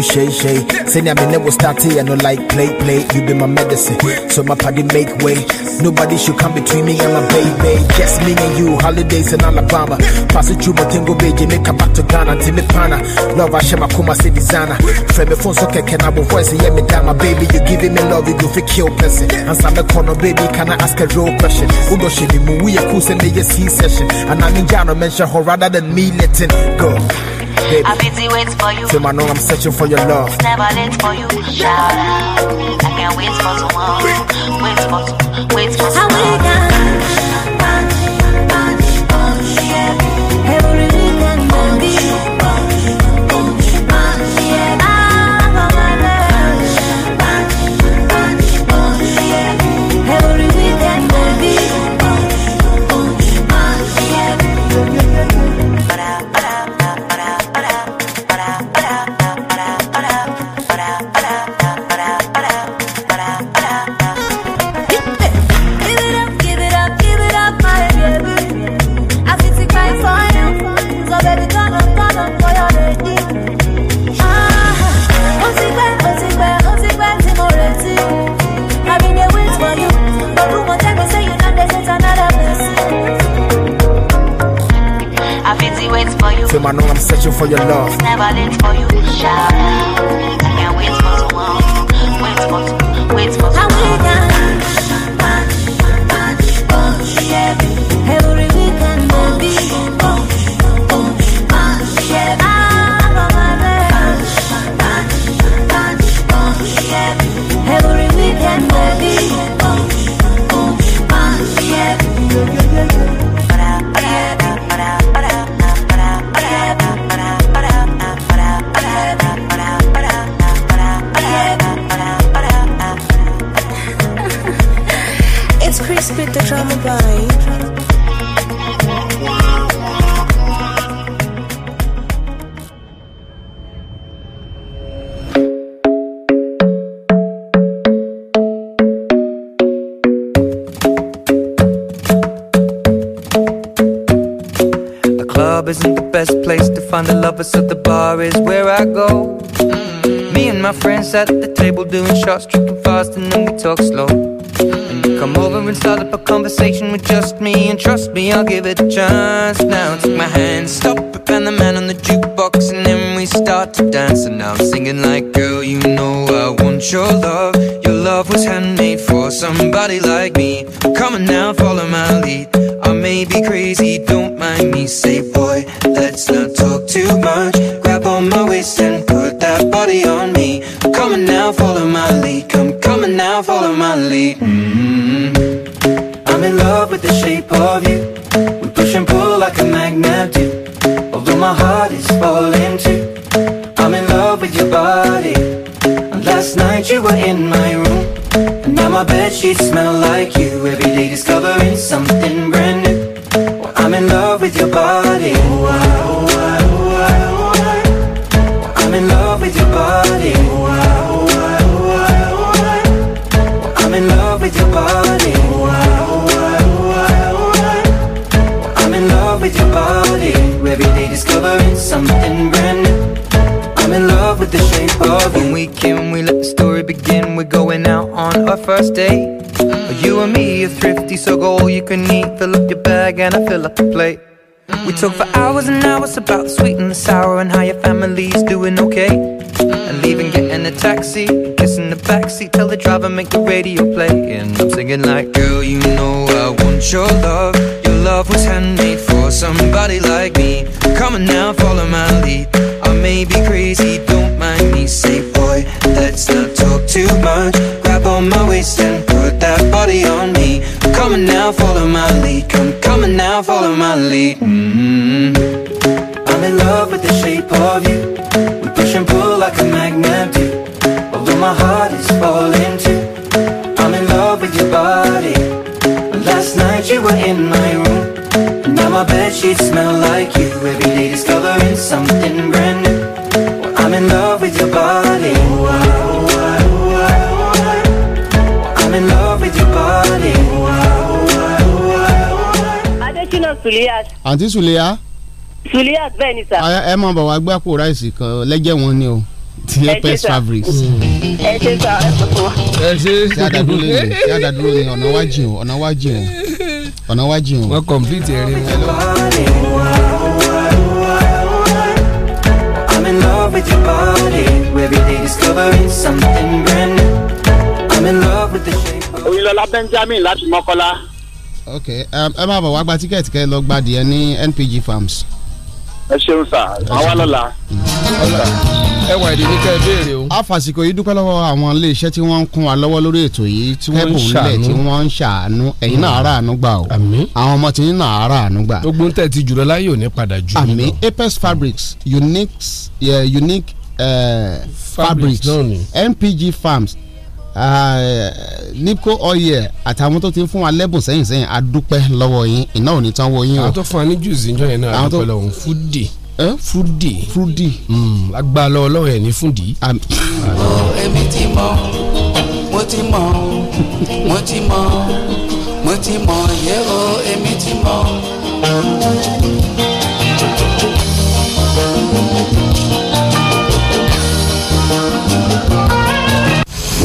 be shay shay. Say I mean never start here, no like play play. You be my medicine, so my party make way. Nobody should come between me and my baby. Just me and you, holidays in Alabama. Pass it through Motengo make a back to Ghana, Timmy Pana. Love I share my kuma say designer. Frame me phone so can I voice yeah me down my baby. You giving me love, you go for kill person. And some corner baby, can I ask a real question? Udo shini mu we a cool send me a C session. And I'm in Ghana mention her rather than me letting go baby. I busy waiting for you. Till I know I'm searching for your love. It's never late for you. Shout out. I can't wait for tomorrow. Wait for, wait for tomorrow. your love. friends at the table doing shots, tripping fast, and then we talk slow. And you come over and start up a conversation with just me, and trust me, I'll give it a chance. Now take my hand, stop it, and the man on the jukebox, and then we start to dance. And now I'm singing like, girl, you know I want your love. Your love was handmade for somebody like me. Come on now, follow my lead. I may be crazy, don't mind me. Say, boy, let's not talk too much. Grab on my waist and put that body on. follow my lead mm -hmm. I'm in love with the shape of you We push and pull like a magnet do Although my heart is falling too I'm in love with your body and Last night you were in my room And now my bed sheets smell like you Every day discovering something brand going out on our first date. Mm. you and me are thrifty, so go all you can eat. Fill up your bag and I fill up the plate. Mm. We talk for hours and hours about the sweet and the sour and how your family's doing okay. Mm. And leaving, getting a taxi, kissing the backseat, tell the driver make the radio play. And I'm singing like, girl, you know I want your love. Your love was handmade for somebody like me. Come on now, follow my lead. I may be crazy, don't mind me. Say, boy. Let's not talk too much Grab on my waist and put that body on me I'm coming now, follow my lead Come coming now, follow my lead mm -hmm. I'm in love with the shape of you We push and pull like a magnet do Although my heart is falling too I'm in love with your body Last night you were in my room Now my bedsheets smell like you Every day discovering something brand new well, I'm in love Suliat. àǹtí Suliat. Suliat bẹ́ẹ̀ ni sà. ẹ máa bọ̀ gbé àpò ráìsì kan lẹ́jẹ̀ wọn ni o ti airpest fabrics. ẹ ṣe sà ẹ tuntun wa. ẹ ṣe ni ṣe àdàdúró ni ọ̀nà wájú o ọ̀nà wájú o ọ̀nà wájú o. wọ́n kọ̀m̀pìtì ẹ̀rín wọn. with your body Every day discovering something brand new I'm in love with the shape of Oyinlọlá Benjamin láti Mọ́kọ́lá ok ẹ máa bọ̀ wá gba tíkẹ́ẹ̀tì kẹ́ ẹ lọ gbadìí ẹ ní NPG Farms. ẹ ṣeun sá àwa lọ́la. ẹ wà ìdí ní kẹ́ ẹ béèrè o. àfàsìkò yìí dúpẹ́ lọ́wọ́ àwọn iléeṣẹ́ tí wọ́n ń kún wa lọ́wọ́ lórí ètò yìí tí wọ́n ń ṣàánú tí wọ́n ń ṣàánú ẹ̀yin náà ara àánú gbà o. àmín àwọn ọmọ tí yín náà ara àánú gbà. gbogbo ń tẹ̀tí jùlọ láyé òní padà jù. àmín Apex Fabrics unique, uh, unique uh, fabrics NPG Farms Eh, nipco oil àtàwọn tó ti fún wa lẹ́bùn sẹ́yìn sẹ́yìn a dúpẹ́ lọ́wọ́ yín iná ò ní tán wọ yín o. àwọn tó fún wa ní jùùsì ìjọ yẹn náà àdúpẹ́ lọ́wọ́ fúdì. fúdì. fúdì. Hmm, agbá lọ ọlọ́run ẹ̀ ní fúdì. èmi ti mọ mo ti mọ mo ti mọ mo ti mọ yẹ o èmi ti mọ. thank you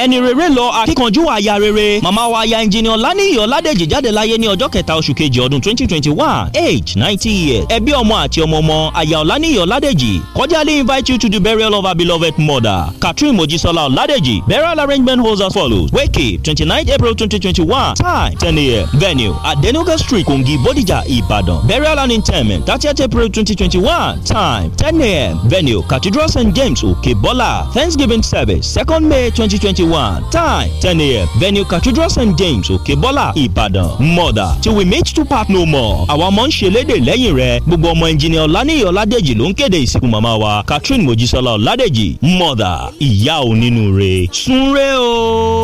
ẹni rere lọ akíkanjú àyà rere màmá wa aya ẹnjìnìà lánìyí ọládèjì jáde láyé ní ọjọ́ kẹta oṣù kejì ọdún twenty twenty one age ninety years ẹbí ọmọ àti ọmọ ọmọ àyà ọlánìyí ọládèjì cordially invite you to the burial of our beloved mother Catherine Mojisola ọládèjì burial arrangement holds as follows wake twenty nine April twenty twenty one time ten a.m. venue Adenuga street Kogi Bodija Ibadan burial and interment thirtieth April twenty twenty one time ten a.m. venue Cathedral St James Okebola Thanksgiving service second May twenty twenty one one time ten a.m. venue cathedral st james òkèbọ́là ìbàdàn mother till we meet to part no more àwa ọmọ ń ṣẹlẹ́dẹ̀ lẹ́yìn rẹ gbogbo ọmọ ẹnjìnìà ọ̀lànìyàn ọ̀làdẹ́jì ló ń kéde ìsìnkú màmá wa catherine mojísọ́lá ọ̀làdẹ́jì mother ìyá onínúure sunre o.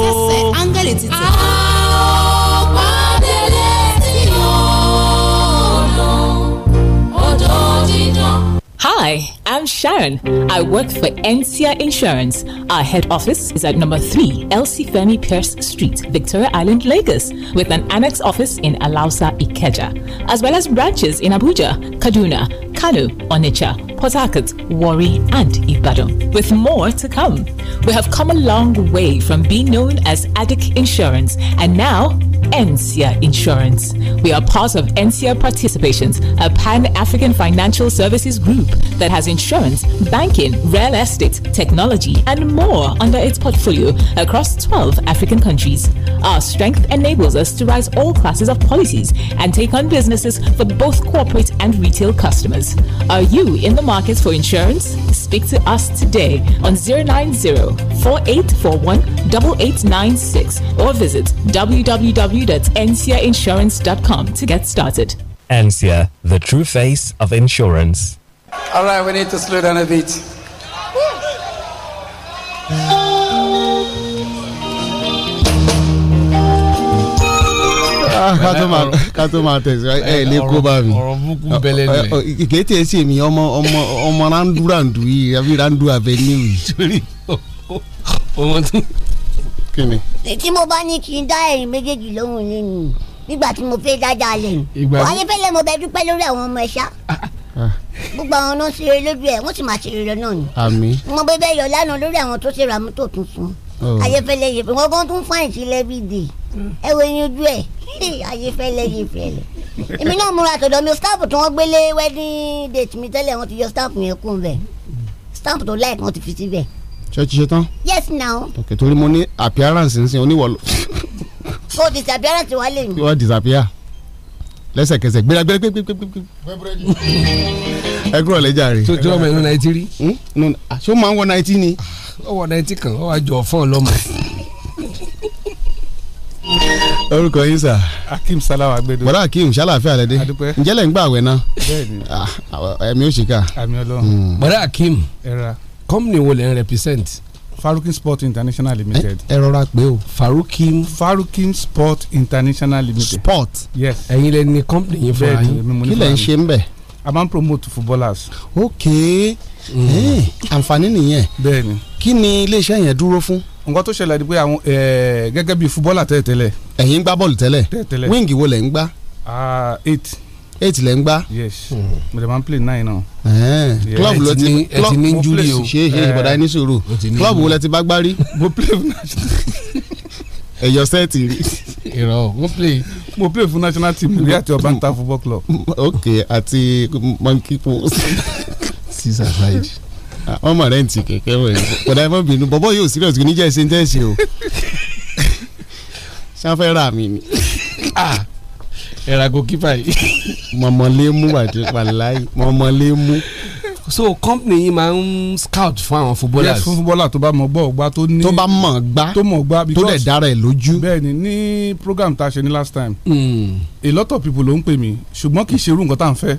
tẹsẹ̀ áńgẹ́lì ti tẹ̀. Hi, I'm Sharon. I work for NCI Insurance. Our head office is at number 3 Elsie Femi Pierce Street, Victoria Island, Lagos, with an annex office in Alausa, Ikeja, as well as branches in Abuja, Kaduna, Kano, Onitsha, Port Harcourt, Warri, and Ibadan, with more to come. We have come a long way from being known as Addict Insurance, and now NCR Insurance. We are part of NCR Participations, a pan African financial services group that has insurance, banking, real estate, technology, and more under its portfolio across 12 African countries. Our strength enables us to rise all classes of policies and take on businesses for both corporate and retail customers. Are you in the market for insurance? Speak to us today on 090 4841 8896 or visit www www.nciainsurance.com to get started. NCIA, the true face of insurance. All right, we need to slow down a bit. kátó máa tẹ̀síwájú ẹ lè kó bá mi ọ̀rọ̀ búkú bẹ́lẹ̀ nílẹ̀ ìkété sí mi ọmọ ọmọ ọmọ randu randu yìí àbí randu avenue yìí. ọmọ tó kí ni. tí mo bá ní kí n dá ẹ̀yin méjèèjì lóhùn lẹ́nu nígbà tí mo fẹ́ dáadáa lẹ́nu wọ́n á ní fẹ́lẹ́ mo bẹ dúpẹ́ lórí àwọn ọmọ ẹ̀ṣá ah. gbogbo àwọn náà ṣeré lójú ẹ̀ wọ́n sì máa ṣeré lọ náà ni. àmín. mo bẹ bẹ yọ lánàá lórí àwọn tó ṣe ra mọ́tò tuntun oh. ayẹfẹlẹ yẹfẹ wọn kàn tún fáìn sí lẹbìdì mm. ẹ wo eyín ojú ẹ (laughs) ayẹfẹlẹ yẹfẹlẹ èmi náà múra tọ̀dọ̀ mi stamp tí wọ́n gbélé wedding date mi tẹ́lẹ̀ wọ́n ti yọ stamp yẹn kún bẹ́ẹ̀ stamp tó láì kan ti fi síbẹ̀ ṣé ti ṣe tán. yes now. ok torí mo ní appearance nsìn oníwọlọ. o disappearance wa lè mi. o disappear lẹ́sẹ̀kẹsẹ̀ gbéragbéra gbégbégbé. ẹ kúrò lẹ́jà rè. tó tí ọmọ inú náà ti rí. Hmm? Ah, ṣé ó máa ń wọ náà ti ni. ó wọ náà ti kàn ó wàá jọ fún ọ lọ́mọ. orúkọ yín sà. akim salawa gbẹdọ. bọ́dá akim ṣàlàfẹ́ àlẹ́dẹ́. adúpẹ́. ǹjẹ́ lẹ̀ ń gbà àwẹ̀ náà. bẹ́ẹ̀ni. Ah, ẹ̀mí òṣìkà. àmì ọlọ́run. Hmm. bọ́dá akim. ẹ̀ra company wo lẹ ń represent. farukin sport international limited. ẹ rọra pé o. farukin. farukin sport international limited. sport. yes. ẹ̀yin lẹ ní company yín fún yín kí lẹ ń ṣe ń bẹ̀. a máa ń promote footballers. ok mm. àǹfààní nìyẹn. bẹ́ẹ̀ni. kí ni iléeṣẹ́ yẹn dúró fún nǹkan tó ṣẹlẹ̀ ni pé àwọn gẹ́gẹ́ bíi fúbọ́là tẹ́lẹ̀tẹ́lẹ̀. ẹ̀yin ń gbá bọ́ọ̀lù tẹ́lẹ̀ wíǹgì wo lẹ̀ ń gbá. Ah, eight eight lẹ́ ń gbá. yes mo dẹ̀ máa ń play nine náà. club ló ti ẹ ti ní júlì o ṣe ṣe ìbọ̀dá ẹni sòrò club wo lẹ ti bá gbá rí. (laughs) mo play fún national (laughs) ẹ̀yọ sẹ́ẹ̀tì rí. ìrọ̀ (laughs) mo play. mo play fún national team rí àti Ọbàńtà football club. ok àti monkey post. six aside wọ́n mọ̀ rẹ̀ ń ti kẹ̀kẹ́ wọ̀ ẹ́ kódà ẹ má bínú bọ́bọ́ yóò serious níjẹ́ ṣe ń tẹ̀sí o ṣáfẹ́ rà mí ni. Ah, ẹ̀rà goalkeeper yìí. (laughs) mọ̀mọ́lémú àti pàláyé mọ̀mọ́lémú. so company yìí máa ń scout fún àwọn footballers. yes fún footballer tó bá mọ̀ gbọ́ ọgbà tó ní. tó bá mọ̀ gbá tó mọ̀ gbá because tó dẹ̀ dára ẹ̀ lójú. bẹ́ẹ̀ni ní program tá a ṣe ní last time. Mm. a lot of people ló ń pè mí ṣùgbọ́n kì í ṣe nǹkan tá à ń fẹ́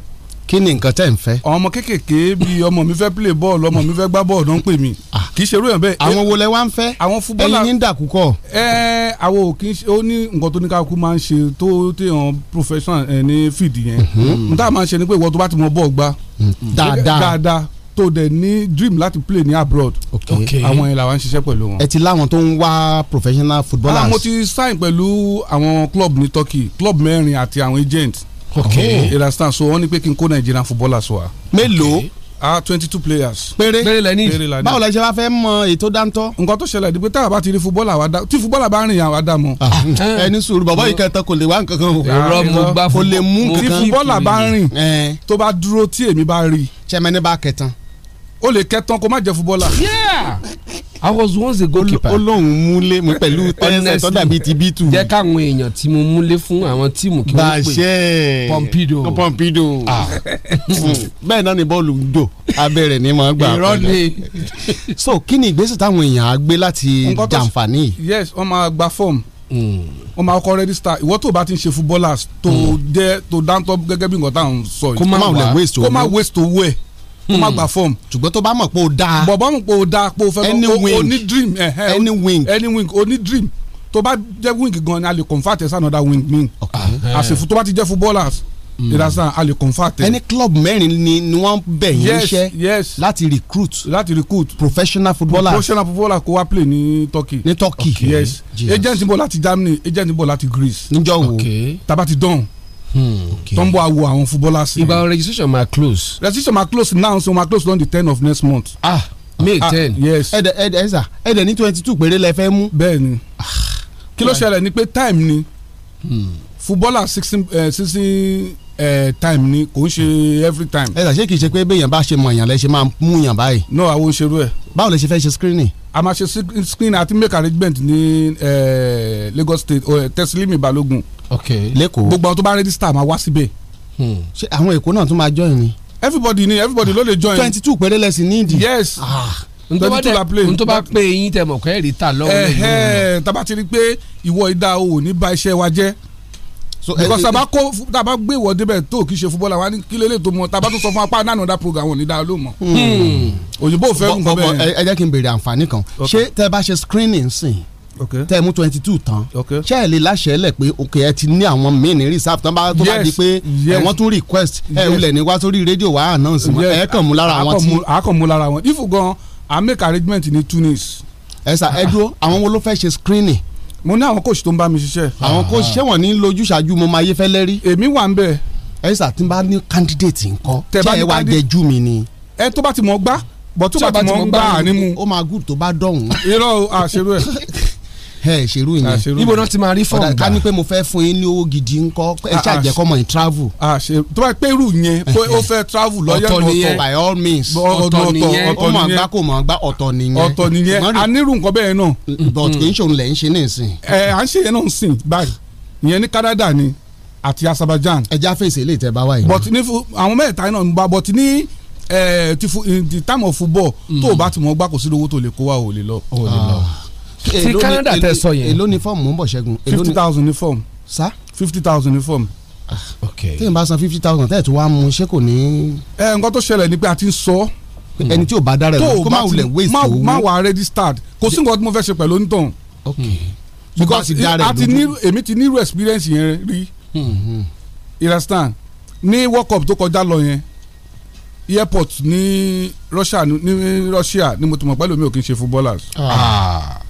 kí ni nǹkan tẹ́ ń fẹ́. àwọn ọmọ kéékèèké bíi ọmọ mi fẹ́ play ball ọmọ mi fẹ́ gbá ball ló ń pè mí ah. kì í ṣerú ẹ̀ bẹ́ẹ̀. àwọn wo lẹ wá ń fẹ́ àwọn fúbọ́là ẹyin ní dàkúkọ. ẹ ẹ àwọn ò kì í ṣe ó ní nǹkan tó ní káàkú máa ń ṣe tó téèyàn professional ẹ ní fìdí yẹn mhm. n tá a máa ń ṣe ni pé ìwọ tó bá ti mọ bọ́ọ̀ gbá. Mhm. dáadáa dáadáa tó dẹ̀ ní dream láti play ní abroad. Ok, àwọn yẹn làwọn ń ṣiṣẹ́ pẹ̀lú wọn. ẹ ti láwọn tó ń wá professional footballers. àwọn ah, mo ti sign pẹ̀lú àwọn club ní Turkey club mẹ́rin àti àwọn agents okay you oh. understand so wọ́n ní pé kí n kó Nigerian footballers wa. mélòó. Okay ah twenty two players. péré péré lẹ́ni báwo la ṣe wá fẹ́ mọ ètò dáńtọ́. nǹkan tó ṣẹlẹ̀ dípẹ́ tá a bá ti rí fúbọ́là wa dá tí fúbọ́là bá rìn yàn wa dá mọ́. Ah. (laughs) ẹni sùúrù bàbá yìí kẹta kò lè wá nǹkan kan o. irọ́ mo gbà fún mo kàn kiri. tí fúbọ́là bá rìn eh. tó bá dúró tí èmi bá rí. sẹ́mẹ́ni bá kẹtan o lè kẹ́ kó má jẹ́ fúbọ́là. yeah I was once a goalkeeper. ó lóun múlé mu pẹ̀lú ẹsẹ̀ (laughs) tó dàbí ti bí tù. jẹ́ káwọn èèyàn tí mo múlé fún àwọn tíìmù kí wọ́n pè Pompido. Pompido ah. (laughs) bẹ́ẹ̀ náà ni bọ́ọ̀lù ń dò abẹ́rẹ́ ni màá gbà. irọ́ so kí ni ìgbésẹ̀ táwọn èèyàn á gbé láti jàǹfààní. yes wọ́n máa gba fọ́ọ̀mù hmm. wọ́n máa kọ́ rẹ́dísítà ìwọ tó o bá ti ń ṣe footballers tó hmm. jẹ́ tó dáńtọ́ gẹ́gẹ́ bí nǹkan táwọn sọ yìí. kó má waste owó ẹ̀ kó má hmm. gba form ṣùgbọ́n tó bá mọ̀ pé o dáa bọ̀bọ́ mọ̀ pé o dáa pé o fẹ́ lọ o ní dream any wing any wing o ní dream tó bá jẹ́ wing gan ni a lè convert as another wing mean àsìfù tó bá ti jẹ́ footballers ìdásán hmm. a lè convert. ẹni club mẹ́rin ni ni wọ́n bẹ̀ yín iṣẹ́ yes láti recruit láti recruit professional footballer professional footballer kó wá play ní Turkey ní Turkey yes agent ń bọ̀ láti Germany agent bọ̀ láti Greece níjọ́ wo tàbá dán tó ń bọ̀ àwọ̀ àwọn footballers. ìgbà registration ma close. registration ma close now so ma close on the ten of next month. ah may ah, ah, ten. yes ẹ̀dẹ̀ ẹ̀dẹ̀ ẹ̀sà ẹ̀dẹ̀ ní twenty two péré lẹ fẹ́ mú. bẹ́ẹ̀ni ah, kí ló ṣẹlẹ̀ ni pé time ni hmm. footballer sixteen eh, sixteen ẹ time ni kò ń ṣe every time. ẹ ṣe kì í ṣe pé béèyàn bá ṣe mọ èèyàn lẹ ṣe máa mú èèyàn báyìí. no àwọn òṣèrú ẹ. báwo lẹ ṣe fẹ́ ṣe screening. a máa ṣe screening àti make arrangement ní eh, Lagos State oh, Tẹ̀sílímì Balógun. ok lẹ́kọ̀ọ́. gbogbo àwọn tó bá register máa wá síbẹ̀. Hmm. ṣé àwọn èkó náà tún máa join ni. everybody ni everybody ló lè join. twenty two péré lẹ́sìn ní ìdí. yes. Ah n tó bá pé eyín tẹ mọ̀ kẹ́ ẹ̀rí ta lọ́wọ́ lẹ́yìn. tàbá ti rí i pé ìwọ ìdá o ò ní bà iṣẹ́ wa jẹ́ because taba kó taba gbé ìwọ́de bẹ́ẹ̀ tó kì í ṣe fúbọ́lá wa ní kí lélẹ̀ tó mọ taba tó sọ fún apá náà ọ̀dà program òní dáa ló mọ̀ hmm. hmm. òyìnbó fẹ́ nǹkan bẹ́ẹ̀. ẹ jẹ́ kí n béèrè àǹfààní kan ṣé tẹ bá ṣe screening sìn tẹ mú twenty two tán ṣé ẹ lè láṣẹ lẹ pé òkè ẹ ti ní àwọn míì ní reserve tán bá tó bá di pé ẹ wọ́n tún request ẹ wulẹ̀ ní wá sórí rédíò wá announce mọ́ ẹ kàn mú lára àwọn tí. a kàn mú lára wọn if gan i make arrangement ní Tunis. ẹ sà ẹ dúró àwọn wo ló fẹ́ ṣe screening mo ní àwọn coach tó ń bá mi ṣiṣẹ́. àwọn coach ṣé wọ́n ní lójúṣàjú mo máa yé fẹ́lẹ́ rí. èmi wà ń bẹ̀. ẹ sà tí n bá ní candidate nǹkan ṣé ẹ wá jẹjú mi ni. ẹ tó bá ti mọ̀ gbá bọ̀ tó bá ti mọ̀ gbá ànímú. ó máa gùn tó bá dọ̀hún. irọ́ àṣerú ẹ̀. (laughs) ẹ ṣerú yẹn níbo náà ti máa rí fọ́ọ̀mù gbà ká ní pé mo fẹ́ fún yín ní owó gidi ńkọ́ ẹ ṣàjẹ́ kọ́ mọ̀ ní travel. tó bá pé irú yẹn pé ó fẹ́ travel lọ́yẹ̀ ọ̀tọ̀ nìyẹn by all means ọ̀tọ̀ nìyẹn ó mọ̀ gbá kò mọ̀ gbá ọ̀tọ̀ nìyẹn. ọ̀tọ̀ nìyẹn a nírú nǹkan bẹ́ẹ̀ náà. but kì í ṣòun lẹ̀ ń ṣe ní ìsìn. ẹ à ń ṣe yẹn náà ń sìn báyìí ìyẹn ní Canada ni àti Azerbaijan. ẹ já fèsì ilé ìtẹ́ bá wáyé. but ní àwọn mẹ́ta náà ń bá but ní ti time of football mm. tó o bá ti mọ̀ gbá kò sí owó tó lè kó wa ò lè lọ. Ah ti Canada tẹ sọ yẹn èló ni fọ́ọ̀mù ń bọ̀ ṣẹ́gun. fifty thousand ni fọ́ọ̀mù. sa fifty thousand ni fọ́ọ̀mù. Ah, ok téèyàn bá san fifty thousand tẹ́ẹ̀ tó wá mu ṣé kò ní. ẹ nǹkan tó ṣẹlẹ̀ ni pé a ti ń sọ. ẹni tí ò bá dára ẹ̀ kó má wulẹ̀ waste owó. má wà registered kò sí nǹkan tí mo fẹ́ ṣe pẹ̀lú onítàn. ok hmm. because èmi ti ní experience yẹn rí. Hmm. understand ní world cup tó kọjá lọ yẹn airport ní Russia ní Russia ni mo ti mọ̀ pẹ́lú mi ò kí ń ṣe footballers. Ah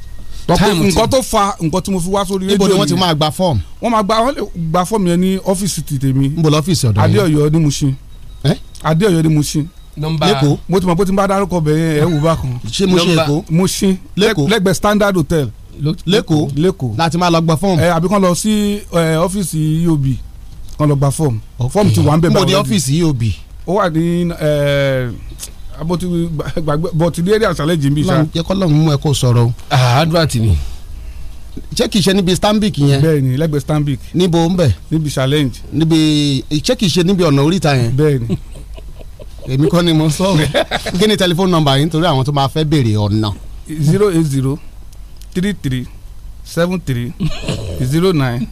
nǹkan tó fa nǹkan tí mo fi wá sórí rédíò yìí níbo ni wọ́n ti máa gba fọ́ọ̀mù. wọ́n máa gba wọ́n lè gba fọ́ọ̀mù yẹn ní ọ́fíìsì ti tèmi. n bò lọ́fíìsì ọ̀dọ̀ yẹn adéọ̀yọ́ ni Mushin. adéọ̀yọ́ ni Mushin. lẹ́kọ̀ọ́ mo ti mọ̀ bó ti ń bá dárúkọ bẹ̀rẹ̀ ẹ̀ wò bá kan. ṣé Mushin èkó Mushin lẹ́gbẹ̀ẹ́ Standard Hotel lẹ́kọ̀ọ́ lẹ́kọ̀ọ́ láti máa lọ gba fọ́ọ̀mù. ẹ àbí kan lọ sí ọ́fíìsì EOB kan lọ gba fọ́ọ̀mù fọ́ọ̀mù ti wà ń bẹ̀ báwọn. mo ní ọ́fíìsì EOB. mo ti gbàgbé bọ̀ ti déédéé àṣàlẹ́jì mi sa. jẹ́ kọ́ lọ́run mú ẹ kó sọ̀rọ̀ o. àádúrà ah, tì ní. ṣé kìí ṣe níbi stanbic yẹn. bẹ́ẹ̀ni lẹ́gbẹ̀ẹ́ stanbic. níbo ń bẹ. níbi challenge. níbi ṣé kìí ṣe níbi ọ̀nà oríta yẹn. bẹ́ẹ̀ni. èmi kọ́ ni mo sọ kí ni telephone number. nítorí àwọn tó máa fẹ́ béèrè ọ̀nà. zero eight zero three three seven three zero nine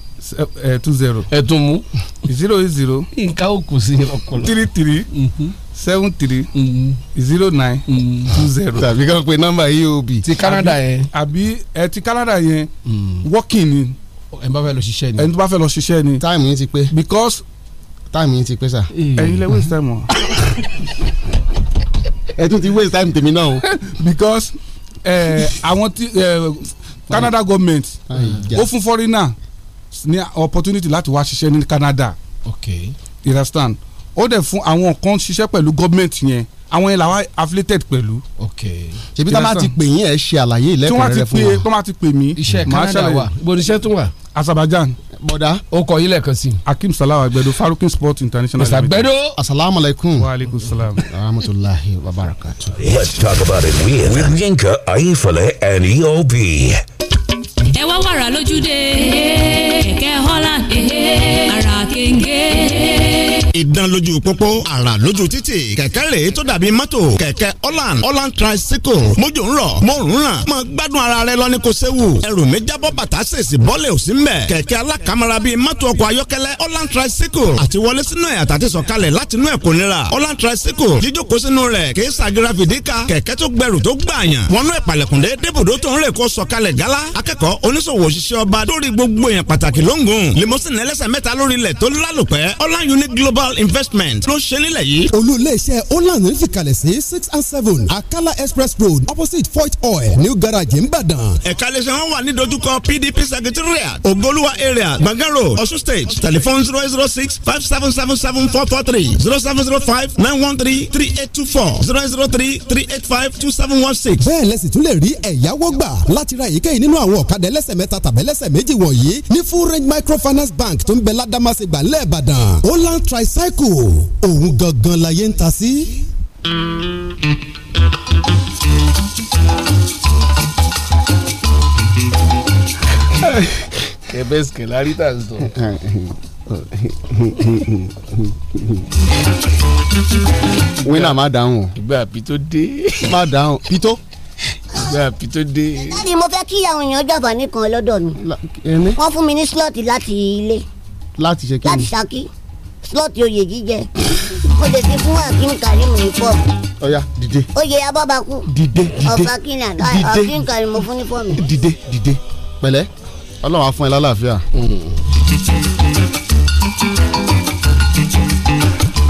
eh, two zero. ẹ̀tún mú. zero eight zero. nǹkan ó kù sí ọkùnrin. three three. Mhm. seven three mm-hmm. zero nine mm-hmm. two zero. tàbí kàn pé nọ́mbà eob. ti Canada yẹn. àbí ẹ ti Canada yẹn mm-hmm. working ni. ẹni bá fẹ́ lọ ṣiṣẹ́ ni. ẹni tó bá fẹ́ lọ ṣiṣẹ́ ni. Time yín ti pé. because. time yín ti pé sà. Eh. ẹ̀yin lè waste time o. (laughs) ẹ tún ti waste time tèmi náà o. (laughs) because eh, àwọn ti eh, Canada government ó fún foreigner ní opportunity láti wá ṣiṣẹ́ ní Canada. okay. you understand ó dẹ̀ fún àwọn kan ṣiṣẹ́ pẹ̀lú gọ́ọ̀mẹ̀ntì yẹn àwọn yẹn làwọn affiliated pẹ̀lú. ok ṣebí tá ti pè yín ẹ ṣe àlàyé ìlẹ́kùnrẹ́rẹ́ fún wa. tó máa ti pè mí. iṣẹ́ Canada wa ibo ni iṣẹ́ tún wà. Azerbaijan. bọ̀dá. o kọ ilẹ̀ kan sí. akim salawa gbẹdo farukin sport international. mr gbẹdo. asalaamualeykum. wa aleykum salaam. rahmatulahi wa barakatu. let's talk about it with, with Yinka Ayefele and EOB. ẹ wá wàrà lójúde kẹ̀kẹ́ Holland ara kéńgé ìdán lójú pópó àrà lójú títì kẹ̀kẹ́ rèé tó dàbí mọ́tò kẹ̀kẹ́ holland holland tricycle mójú ń rọ̀ mo ń ràn mo gbádùn ara rẹ lọ ní kò séwu ẹrù mi jábọ́ bàtà sèṣì bọ́lẹ̀ ò sí mbẹ̀ kẹ̀kẹ́ alákàmọ́ra bíi mọ́tò ọkọ̀ ayọ́kẹ́lẹ́ holland tricycle àti wọlé sínú ẹ̀ àtàtì sọ̀kalẹ̀ láti inú ẹ̀ kò nira holland tricycle jíjókòó sínú rẹ̀ kì í sàgìrà fìdíkà kẹ̀kẹ́ tó gbẹrù tó gbààyàn wọnú ẹ̀ pàlẹ̀kùndé débùdó tó ń rè kó sọ̀kalẹ̀ gálá akẹ́kọ̀ọ́ oníṣòwò òṣìṣẹ́ ọba lórí gbogbo èèyàn unique global capital investment ló ṣe nílẹ̀ yìí. olú-ilé-iṣẹ́ holland sí six and seven akala express road opposite fort oil new garage nìbàdàn. ẹ̀ka lè ṣe wọ́n wà ní dojúkọ pdp secretariat ogoluwa area gbọ̀ngàn road osun state telephone zero zero six five seven seven seven four four three zero seven zero five nine one three three eight two four zero zero three three eight five two seven one six. bẹ́ẹ̀ lẹ́sìn tún lè rí ẹ̀yáwó gbà láti ra èyíkéyìí nínú àwọn ọ̀kadà ẹlẹ́sẹ̀ mẹ́ta tàbí ẹlẹ́sẹ̀ méjì wọ̀nyí ní full range microfinance bank tó ń bẹ ládàmásìgbà lẹ́ẹ̀bàdàn holland tricycle cycle òun gangan la yẹn ń ta sí. ẹ̀bẹ̀ sìkìlárí tà ń sọ. wínà má dáhùn. ìgbà pító dé. má dáhùn pító ìgbà pító dé. dáàdi mo fẹ́ kí àwọn èèyàn jàǹbá nìkan lọ́dọ̀ mi. wọ́n fún mi ní slọ́ọ̀tì láti ilé. láti ṣe kí ni. láti ṣákí slọ́ọ̀tì oyè jíjẹ mo tètè fún akim karim ní fọ́ọ̀mù. ọ̀ya dìde. oyè abọ́bakú. dìde dìde ọ̀fà kínà akim karim mo fún ní fọ́ọ̀mù. dìde dìde pẹ̀lẹ́ ọlọ́run á fún ẹ lálàáfíà.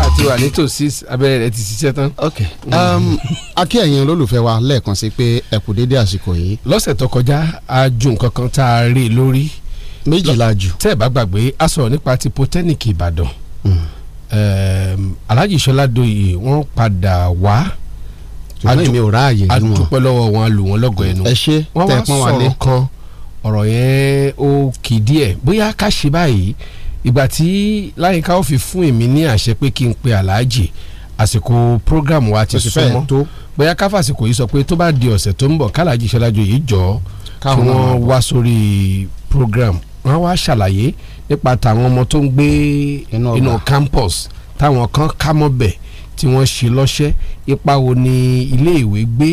àti wà nítòsí abẹ́rẹ́ rẹ ti ṣiṣẹ́ tán. ok um, akí ẹ̀yin olólùfẹ́ wa lẹ́ẹ̀kan sí pé ẹ kú déédé àsìkò yìí. lọ́sẹ̀ tó kọjá a ju nǹkan kan tá a rí lórí. méjìlá ju. tẹ́ ẹ bá gbàgbé a sọ̀rọ̀ nípa ti Polytechnic Ìbàdàn Alhaji Ṣọlá Dòyè wọ́n padà wá ṣùgbọ́n èmi ò ráàyè nínú wọn àdúpẹ́ lọ́wọ́ wọn lù wọ́n lọ́gọ̀ ẹnu ẹ ṣe tẹ̀ pọ́n wà lé kan ọ̀rọ̀ yẹn ó kì í díẹ̀ bóyá ká ṣe báyìí ìgbà tí láyìnká ó fi fún èmi ní àṣẹ pé kí n pe Alhaji àsìkò program wa ti súnmọ́ bóyá káfàsìkò yìí sọ pé tó bá di ọ̀sẹ̀ tó ń bọ̀ kálàjì Ṣọlá Dòyè jọ kí wọ́n wá sórí program wọ́n wá ṣàlàyé nípa tàwọn ọmọ tó ń gbé inú campus táwọn kan ká mọ́bẹ̀ tí wọ́n ṣe lọ́ṣẹ́ ipa wo ni iléèwé gbé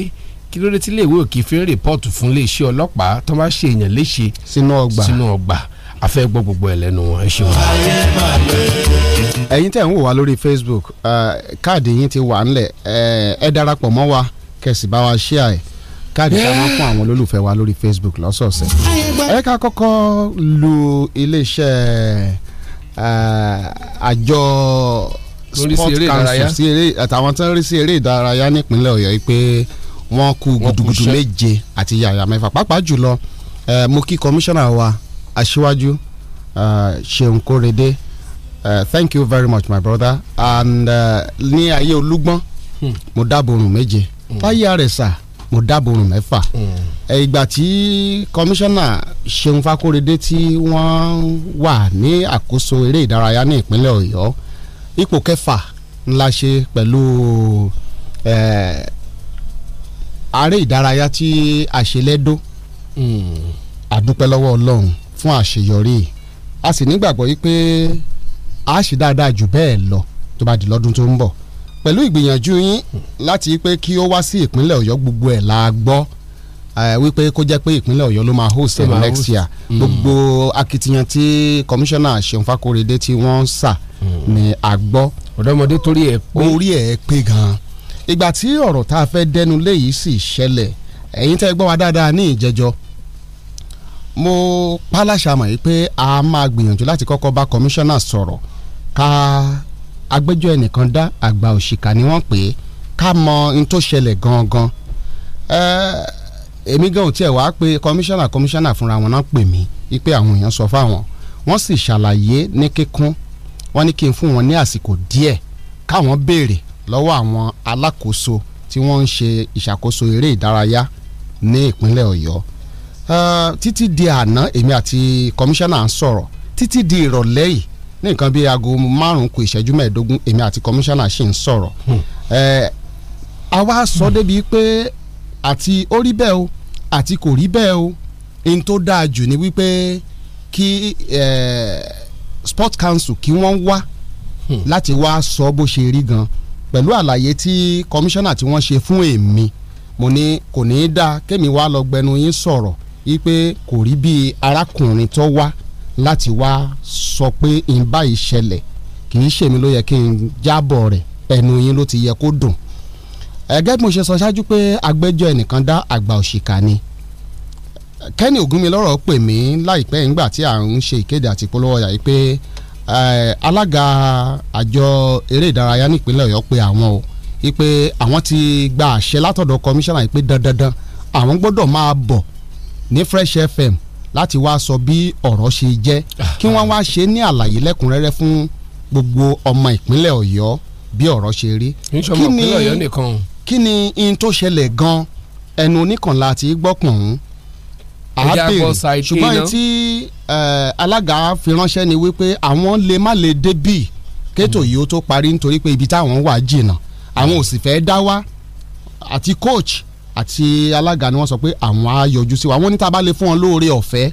kí ló dé tí iléèwé ò kì fi ń rìpọ́ọ̀tù fún iléeṣẹ́ ọlọ́pàá tó bá ṣe èèyàn léṣe sínú ọgbà sínú ọgbà afẹ́ gbọ́ gbogbo ẹ̀ lẹ́nu wọn ẹ ṣeun. ẹ̀yin tẹ̀ ń wò wá lórí Facebook eh, káàdì yín ti wà ńlẹ̀ eh, ẹ darapọ̀ mọ́ wa kẹ̀sì bá wa ṣíà ẹ̀ káàdì tá a máa fún àwọn olólùfẹ́ wa lórí Facebook lọ́sọ̀ọ̀sẹ̀ ẹ ká kọ́kọ́ lu iléeṣẹ́ eh, àjọ sport council sí eré àtàwọn tó ń rí sí eré ìdárayá nípínlẹ̀ Ọ̀yọ́ pé wọ́n kú gudugudu méje àti yàyà mẹ́fà pàápàá jùlọ eh, mo kí kọmíṣánná wa aṣíwájú eh, Ṣeun Kórèdé thank you very much my brother and ní ayé olúgbọ́n hmm. mo dábòrùn méje láyé hmm. àrẹ̀sà mo dábòrùn mẹ́fà hmm. ìgbà tí kọmíṣánná Ṣeun Fákóredé tí wọ́n wà ní àkóso eré ìdárayá ní ìpínlẹ̀ Ọ̀yọ́ ipò kẹfà ńlá ṣe pẹ̀lú aré ìdárayá tí àṣelẹ́dó àdúpẹ́ hmm. lọ́wọ́ Ọlọ́run fún àṣeyọrí a sì nígbàgbọ́ yìí pé a ṣe dáadáa jù bẹ́ẹ̀ lọ tó bá di lọ́dún tó ń bọ̀ pẹ̀lú ìgbìyànjú yín láti pé kí ó wá sí ìpínlẹ̀ ọ̀yọ́ gbogbo ẹ̀ la gbọ́ wípé kó jẹ́ pé ìpínlẹ̀ ọ̀yọ́ ló máa host ẹ̀ next year hmm. gbogbo akitiyan tí kọmíṣánná ṣeun fakorede tí wọ́n ń sà hmm. ni a gbọ́. ọ̀dọ́mọdé torí ẹ̀ pé orí ẹ̀ pé gan-an ìgbà tí ọ̀rọ̀ tá a fẹ́ dẹnu lé yìí sì ṣẹlẹ̀ ẹ̀yin tẹ́ gbọ́ wa dáadáa ní ìjẹjọ́ mo pálásà mọ̀ yìí pé a máa gbìyànjú láti kọ́kọ́ bá kọmíṣánná sọ̀rọ̀ ká agbẹ́jọ́ ẹnìkan dá àgbà òṣìkà ni wọ́n pè é ká mọ ohun tó ṣẹlẹ̀ gangan èmi gan ò tiẹ̀ wá pé kọmíṣánná kọmíṣánná fúnra wọn náà pè mí wípé àwọn èèyàn sọ fáwọn wọ́n sì ṣàlàyé ní kíkún wọ́n ní kí n fún wọn ní àsìkò díẹ̀ káwọn béèrè lọ́wọ́ àwọn alákòóso tí wọ́n ń ṣe ìṣàkóso eré ìdárayá ní ìpínlẹ̀ ọ̀yọ́ títí di àná èmi àti kọmíṣánná ń sọ̀rọ̀ títí di ìrọ̀lẹ́ ní nǹkan bíi aago márùn-ún kù ìṣẹ́jú mẹ́ẹ̀ẹ́dógún èmi àti kọmíṣánná ṣì ń sọ̀rọ̀ hmm. a wá sọ hmm. débi pé àti ó rí bẹ́ẹ̀ o àti kò rí bẹ́ẹ̀ o n tó dáa jù ni wípé kí sport council kí wọ́n wá hmm. láti wá sọ bó ṣe rí gan pẹ̀lú àlàyé tí kọmíṣánná tí wọ́n ṣe fún èmi mo ní kò ní í dáa kémi wá lọ gbẹnu yín sọ̀rọ̀ yí kò rí bíi arákùnrin tó wá láti wá sọ pé n báyìí ṣẹlẹ̀ kì í ṣèmi ló yẹ kí n jábọ̀ rẹ̀ ẹnu yín ló ti yẹ kó dùn ẹgẹ́ bí mo ṣe sọ ṣáájú pé agbẹjọ́ ẹnìkan dá àgbà òṣìkà ni kẹ́ni ògúnmilọ́rọ̀ pè mí láìpẹ́ ńgbà tí à ń ṣe ìkéde àti ìpolówó ọjà yìí pé alága àjọ eré ìdárayá nípínlẹ̀ ọ̀yọ́ pé àwọn o wípé àwọn ti gba àṣẹ látọ̀dọ̀ kọmíṣánná yìí pé dandandan àwọn gbọ́dọ̀ máa bọ̀ ní Fresh FM láti wá sọ bí ọ̀rọ̀ ṣe jẹ́ ah. kí wọ́n wá ṣe ní àlàyé lẹ́kùnrẹ́rẹ́ fún gbogbo ọmọ ìpínlẹ̀ ọ̀yọ́ bí ọ̀rọ̀ ṣe rí. kí ni kí ni in tó ṣẹlẹ̀ gan ẹnu oníkànlá àti gbọ́pọ̀n ọ̀hún àábèrè ṣùgbọ́n tí alága fi ránṣẹ́ ni wípé àwọn lè má lè débì kétò hmm. yìí ó tó parí nítorí pé ibi táwọn wà jìnnà àwọn ò sì fẹ́ dá wá àti coach àti alága ni wọ́n sọ pé àwọn á yọjú sí wa wọ́n ní tá a bá lè fún wọn lóore ọ̀fẹ́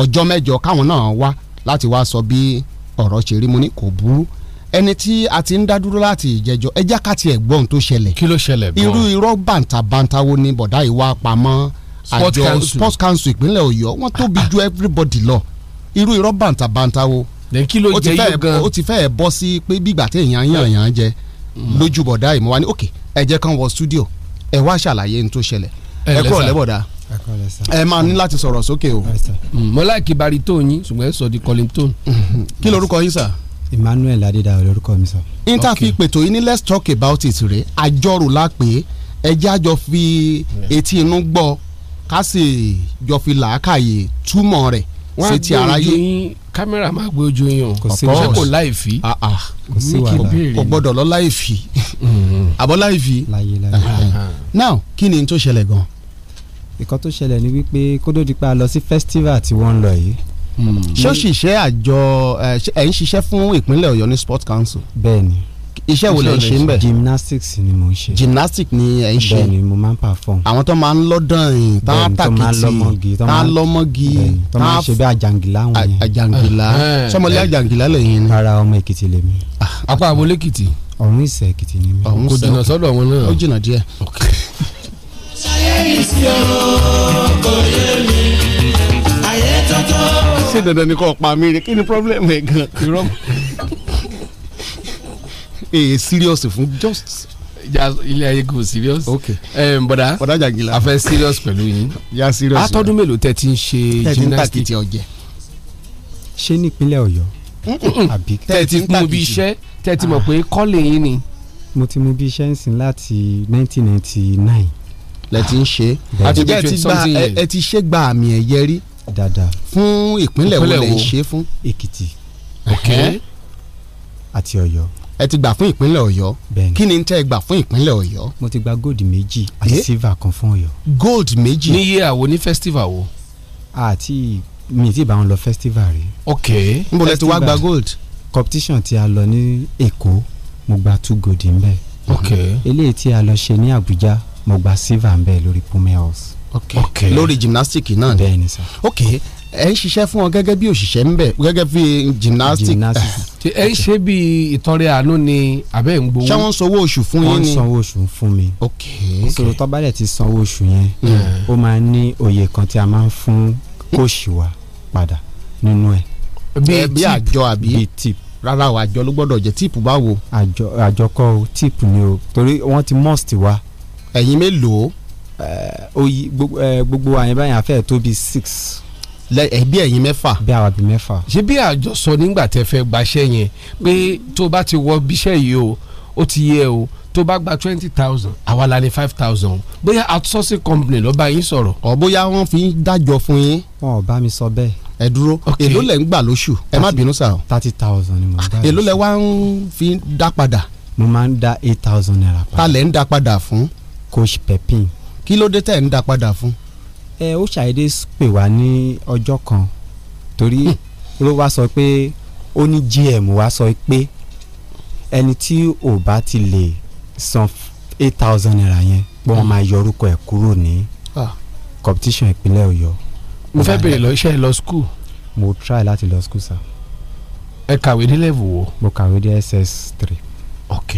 ọjọ́ mẹ́jọ káwọn náà wá láti wá sọ bí ọ̀rọ̀ ṣe rí mo ní kò burú ẹni tí a ti ń dá dúró láti ìjẹjọ ẹ já káti ẹ gbọ́n tó ṣẹlẹ̀ kí ló ṣẹlẹ̀ gan irú irọ́ bàǹtàbàǹtà wo ni bọ̀dá ìwà pamọ́ àjọ sports council ìpínlẹ̀ ọ̀yọ́ wọ́n tóbi ju everybody lọ irú irọ́ bàǹtàbàǹtà wo kí ló jẹ yóò gan ó ti fẹ́ẹ̀ bọ́ sí pé bí ìgbà téèyàn yàn yàn jẹ mm. lójú bọ̀dá ìmọ̀ wa ni ok ẹ jẹ́ kán wọ studio ẹ wá ṣàlàyé n tó ṣẹlẹ̀ ẹ kọ́ lẹ́bọ̀dá ẹ máa ní láti sọ̀rọ̀ sókè o. Mm, mo láìkí baritone yín ṣùgbọ́n ẹ sọ di calling tone. Mm-hmm. kí lorúkọ yín sà. Emmanuel Adédáyọ̀ lorúkọ mi sọ. interfi pètò yìí ní let's talk about it rè àjọrò la pé ẹjẹ́ àjọ fi etí inú gbọ́ ká sì jọ fi làákàyè túmọ̀ rẹ̀ sétí aráyé kámẹ́rà máa gbé ojú yín o kò sí wàhálà kò láì fi ah, ah, kò sí wàhálà kò gbọ́dọ̀ lọ láì fi mm-hmm. àbọ̀ láì fi ah, uh-huh. now kí ni n tó ṣẹlẹ̀ gan. ìkan tó ṣẹlẹ̀ ni wípé kódó di pa lọ sí festival tí wọ́n ń lọ yìí. Hmm. ṣé ó ṣiṣẹ́ àjọ eh, ẹ̀ ń ṣiṣẹ́ fún ìpínlẹ̀ Ọ̀yọ́ ní Sport Council. bẹ́ẹ̀ ni iṣẹ́ wo lẹ ń ṣe ń bẹ̀. gymnastics ni mo ń ṣe. gymnastics ni ẹ ń ṣe. bẹ́ẹ̀ni mo máa ń perform. àwọn tó máa ń lọ́dàn tá a tàkìtì tá a lọ́mọ́gi tá a ṣe bí àjàngìlá wọn yẹn. àjàngìlá ah, eh, eh. sọmọlẹ́ àjàngìlá lẹ́yìn ni. ara ọmọ èkìtì lèmi. Ah, apá àbólé èkìtì. ọ̀run ìsẹ̀ èkìtì ni mi. kò jìnnà sọ́dọ̀ wọn náà. ó jìnnà díẹ̀. ṣé dandan ni kò pa mí rè kí ni pọ́blẹ́mù ẹ̀ gan-an ee eh, serious fun just. ilé ayé kò serious. ok ẹ n bọ̀dá bọ̀dá jàgìlá a fẹ́ serious pẹ̀lú yín. ya serious wa atọ́dún mélòó tẹ́ ti ń ṣe gymnastic. tẹ́ ti ń tàkìtì ọ̀jẹ̀. ṣé nípínlẹ̀ ọ̀yọ́. àbí tẹ́ ti ń mú bí iṣẹ́ tẹ́ ti mọ̀ pé ah. kọ́lé yín ni. mo ti mú bí iṣẹ́ ń sìn láti 1999. lẹ ti ń ṣe. àtijọ́ ẹ ti ṣe gba àmì ẹ̀yẹ rí. dáadáa fún ìpínlẹ̀ wo lẹ ń ṣe fún. èkìtì. ok àti ọ̀yọ́ ẹ ti gbà fún ìpínlẹ̀ ọ̀yọ́ kí ni tẹ́ ẹ gbà fún ìpínlẹ̀ ọ̀yọ́. mo ti gba gold méjì àti eh? silver kan fún ọ̀yọ́. gold méjì. ní iye àwo ní festival wo. àti mi ti bá wọn lọ festival rí. ok n bọ̀dọ̀ ti wá gba gold. competition tí a lọ ní èkó mo gba two gold ńbẹ̀. ok eléyìí tí a lọ ṣe ní àbújá mo gba silver ńbẹ̀ lórí pumeos. ok, okay. lórí gymnastic náà ni. bẹ́ẹ̀ni ok ẹ ń ṣiṣẹ́ fún wọn gẹ́gẹ́ bí òṣìṣẹ́ ń bẹ̀ gẹ́gẹ́ bí gymnastic. ẹ ń ṣe bí ìtọrẹ àánú ni àbẹ́ ń gbowó. ṣé wọ́n ń sanwó oṣù fún yín ni. wọ́n ń sanwó oṣù fún mi. ok ok so tọ́balẹ̀ ti sanwó oṣù yẹn hmm. ó máa ní òye kan tí a máa ń fún kóòṣì wa padà nínú ẹ̀. bí àjọ àbí bí tip rárá o àjọ ló gbọ́dọ̀ jẹ́ tíìpù báwo. àjọ àjọ kọ́ o tíìpù ni o torí wọ́n ti must wa. ẹ̀yin mélòó. oyi gbogbo àyìnbáyìn afẹ́ tó bíi six bí ẹ̀yin mẹ́fà. bí àwa bí mẹ́fà. ṣé bí àjọsọ nígbà tẹ́ fẹ́ gbaṣẹ́ yẹn pé tó bá ti wọ bíṣẹ́ yìí o ó ti yẹ o tó bá gba twenty thousand àwa la ní five thousand bóyá outsourcing company ló bá yín sọ̀rọ̀. ọ̀ bóyá wọ́n fi ń dájọ́ fún yín. wọn ò bá mi sọ bẹ́ẹ̀. ẹ dúró èló lẹ ń gbà lóṣù ẹ má bínú sáà. thirty thousand ni mo ń gbà lóṣù. Ah, èló lẹ wá ń fi dá padà. mo máa ń dá eight thousand naira padà. ta lẹ ń dá padà fún. coach pepin. kí ló dé tẹ̀ ń dá padà fún ẹ ó ṣàìdé pè wá ní ọjọ́ kan torí hmm. ló wá sọ pé ó ní GM wá sọ pé ẹni tí ò bá ti lè san eight thousand naira yẹn pé wọ́n hmm. máa yọ orúkọ ẹ̀ kúrò ní ah. competition ìpínlẹ̀ Ọ̀yọ́. mo fẹ́ bèrè lọ iṣẹ́ lọ school. mo try láti lọ school sir. ẹ kàwé ní level wo. mo kàwé ní SS three. ok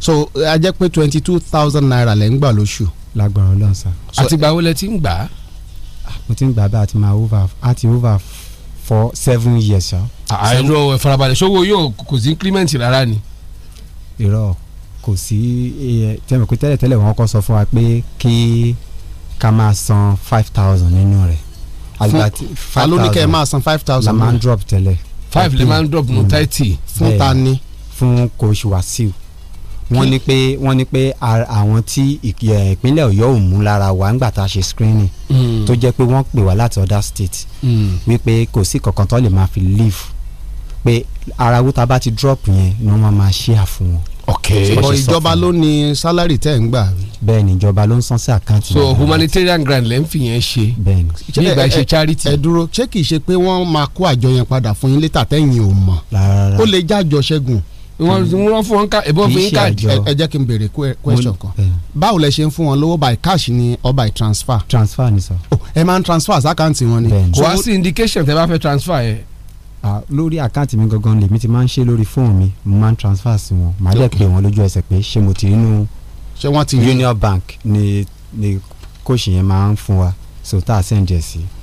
so a jẹ́ pé twenty two thousand naira lẹ́ ń gbà lóṣù lágbára Ọlọ́run sá. àtìgbà wo lẹ ti ń gbà mo ti ń gbà bá a ti over for seven years sá. àìrọ ìfarabalẹ̀ ṣòwò yóò kò sí increment rárá ni. irọ́ kò sí tẹ́lẹ̀ pé tẹ́lẹ̀ tẹ́lẹ̀ wọ́n kọ́ sọ fún wa pé kí ká máa san five thousand nínú rẹ̀. àgbà tí five thousand alóníkẹ́ máa san five thousand. la máa ń drop tẹ́lẹ̀. five lè máa ń drop nù mm. thirty. fún ta fún coach Wasiu wọ́n ní pé wọ́n ní pé àwọn tí ìpínlẹ̀ ọ̀yọ́ ò mú lára wa ńgbà tá a ṣe screening hmm. tó jẹ́ pé wọ́n pè wá láti other state hmm. wípé kò sí kankan tó lè máa fi leave pé ara wúta bá ti drop yẹn ni wọ́n máa share fún wọn okay bọ ìjọba ló ní salary tẹ́ ń gbà. bẹ́ẹ̀ni ìjọba ló ń san sí àkáǹtì. so humanitarian grant lẹ́ ń fi yẹn ṣe. bẹ́ẹ̀ni ní ìgbà ìṣe charity. ẹ dúró ṣé kìí ṣe pé wọ́n máa kó àjọ yẹn padà fún yín létà tẹ́yìn ò mọ̀. rárá ó lè jájọ ṣẹ́gun wọ́n fún wọn ká ìbọn fún yín ká ẹ jẹ́ kí n béèrè question kan báwo lẹ ṣe ń fún wọn lówó by cash ni or by transfer. transfer ni sọ. Oh, ẹ máa ń transfer sákàǹtì wọn ni. kò wá sí indication tẹ bá fẹ́ transfer yẹn. Ah, lórí àkáǹtì mi gangan lèmi ti máa ń ṣe lórí fóònù mi mo máa ń transfer sí wọn màá dẹ̀ pè wọ́n lójú ẹsẹ̀ pé ṣé mo ti nínú union bank ni ni kóòsì yẹn máa ń fún wa so tá a sẹ́ǹjẹ̀ sí.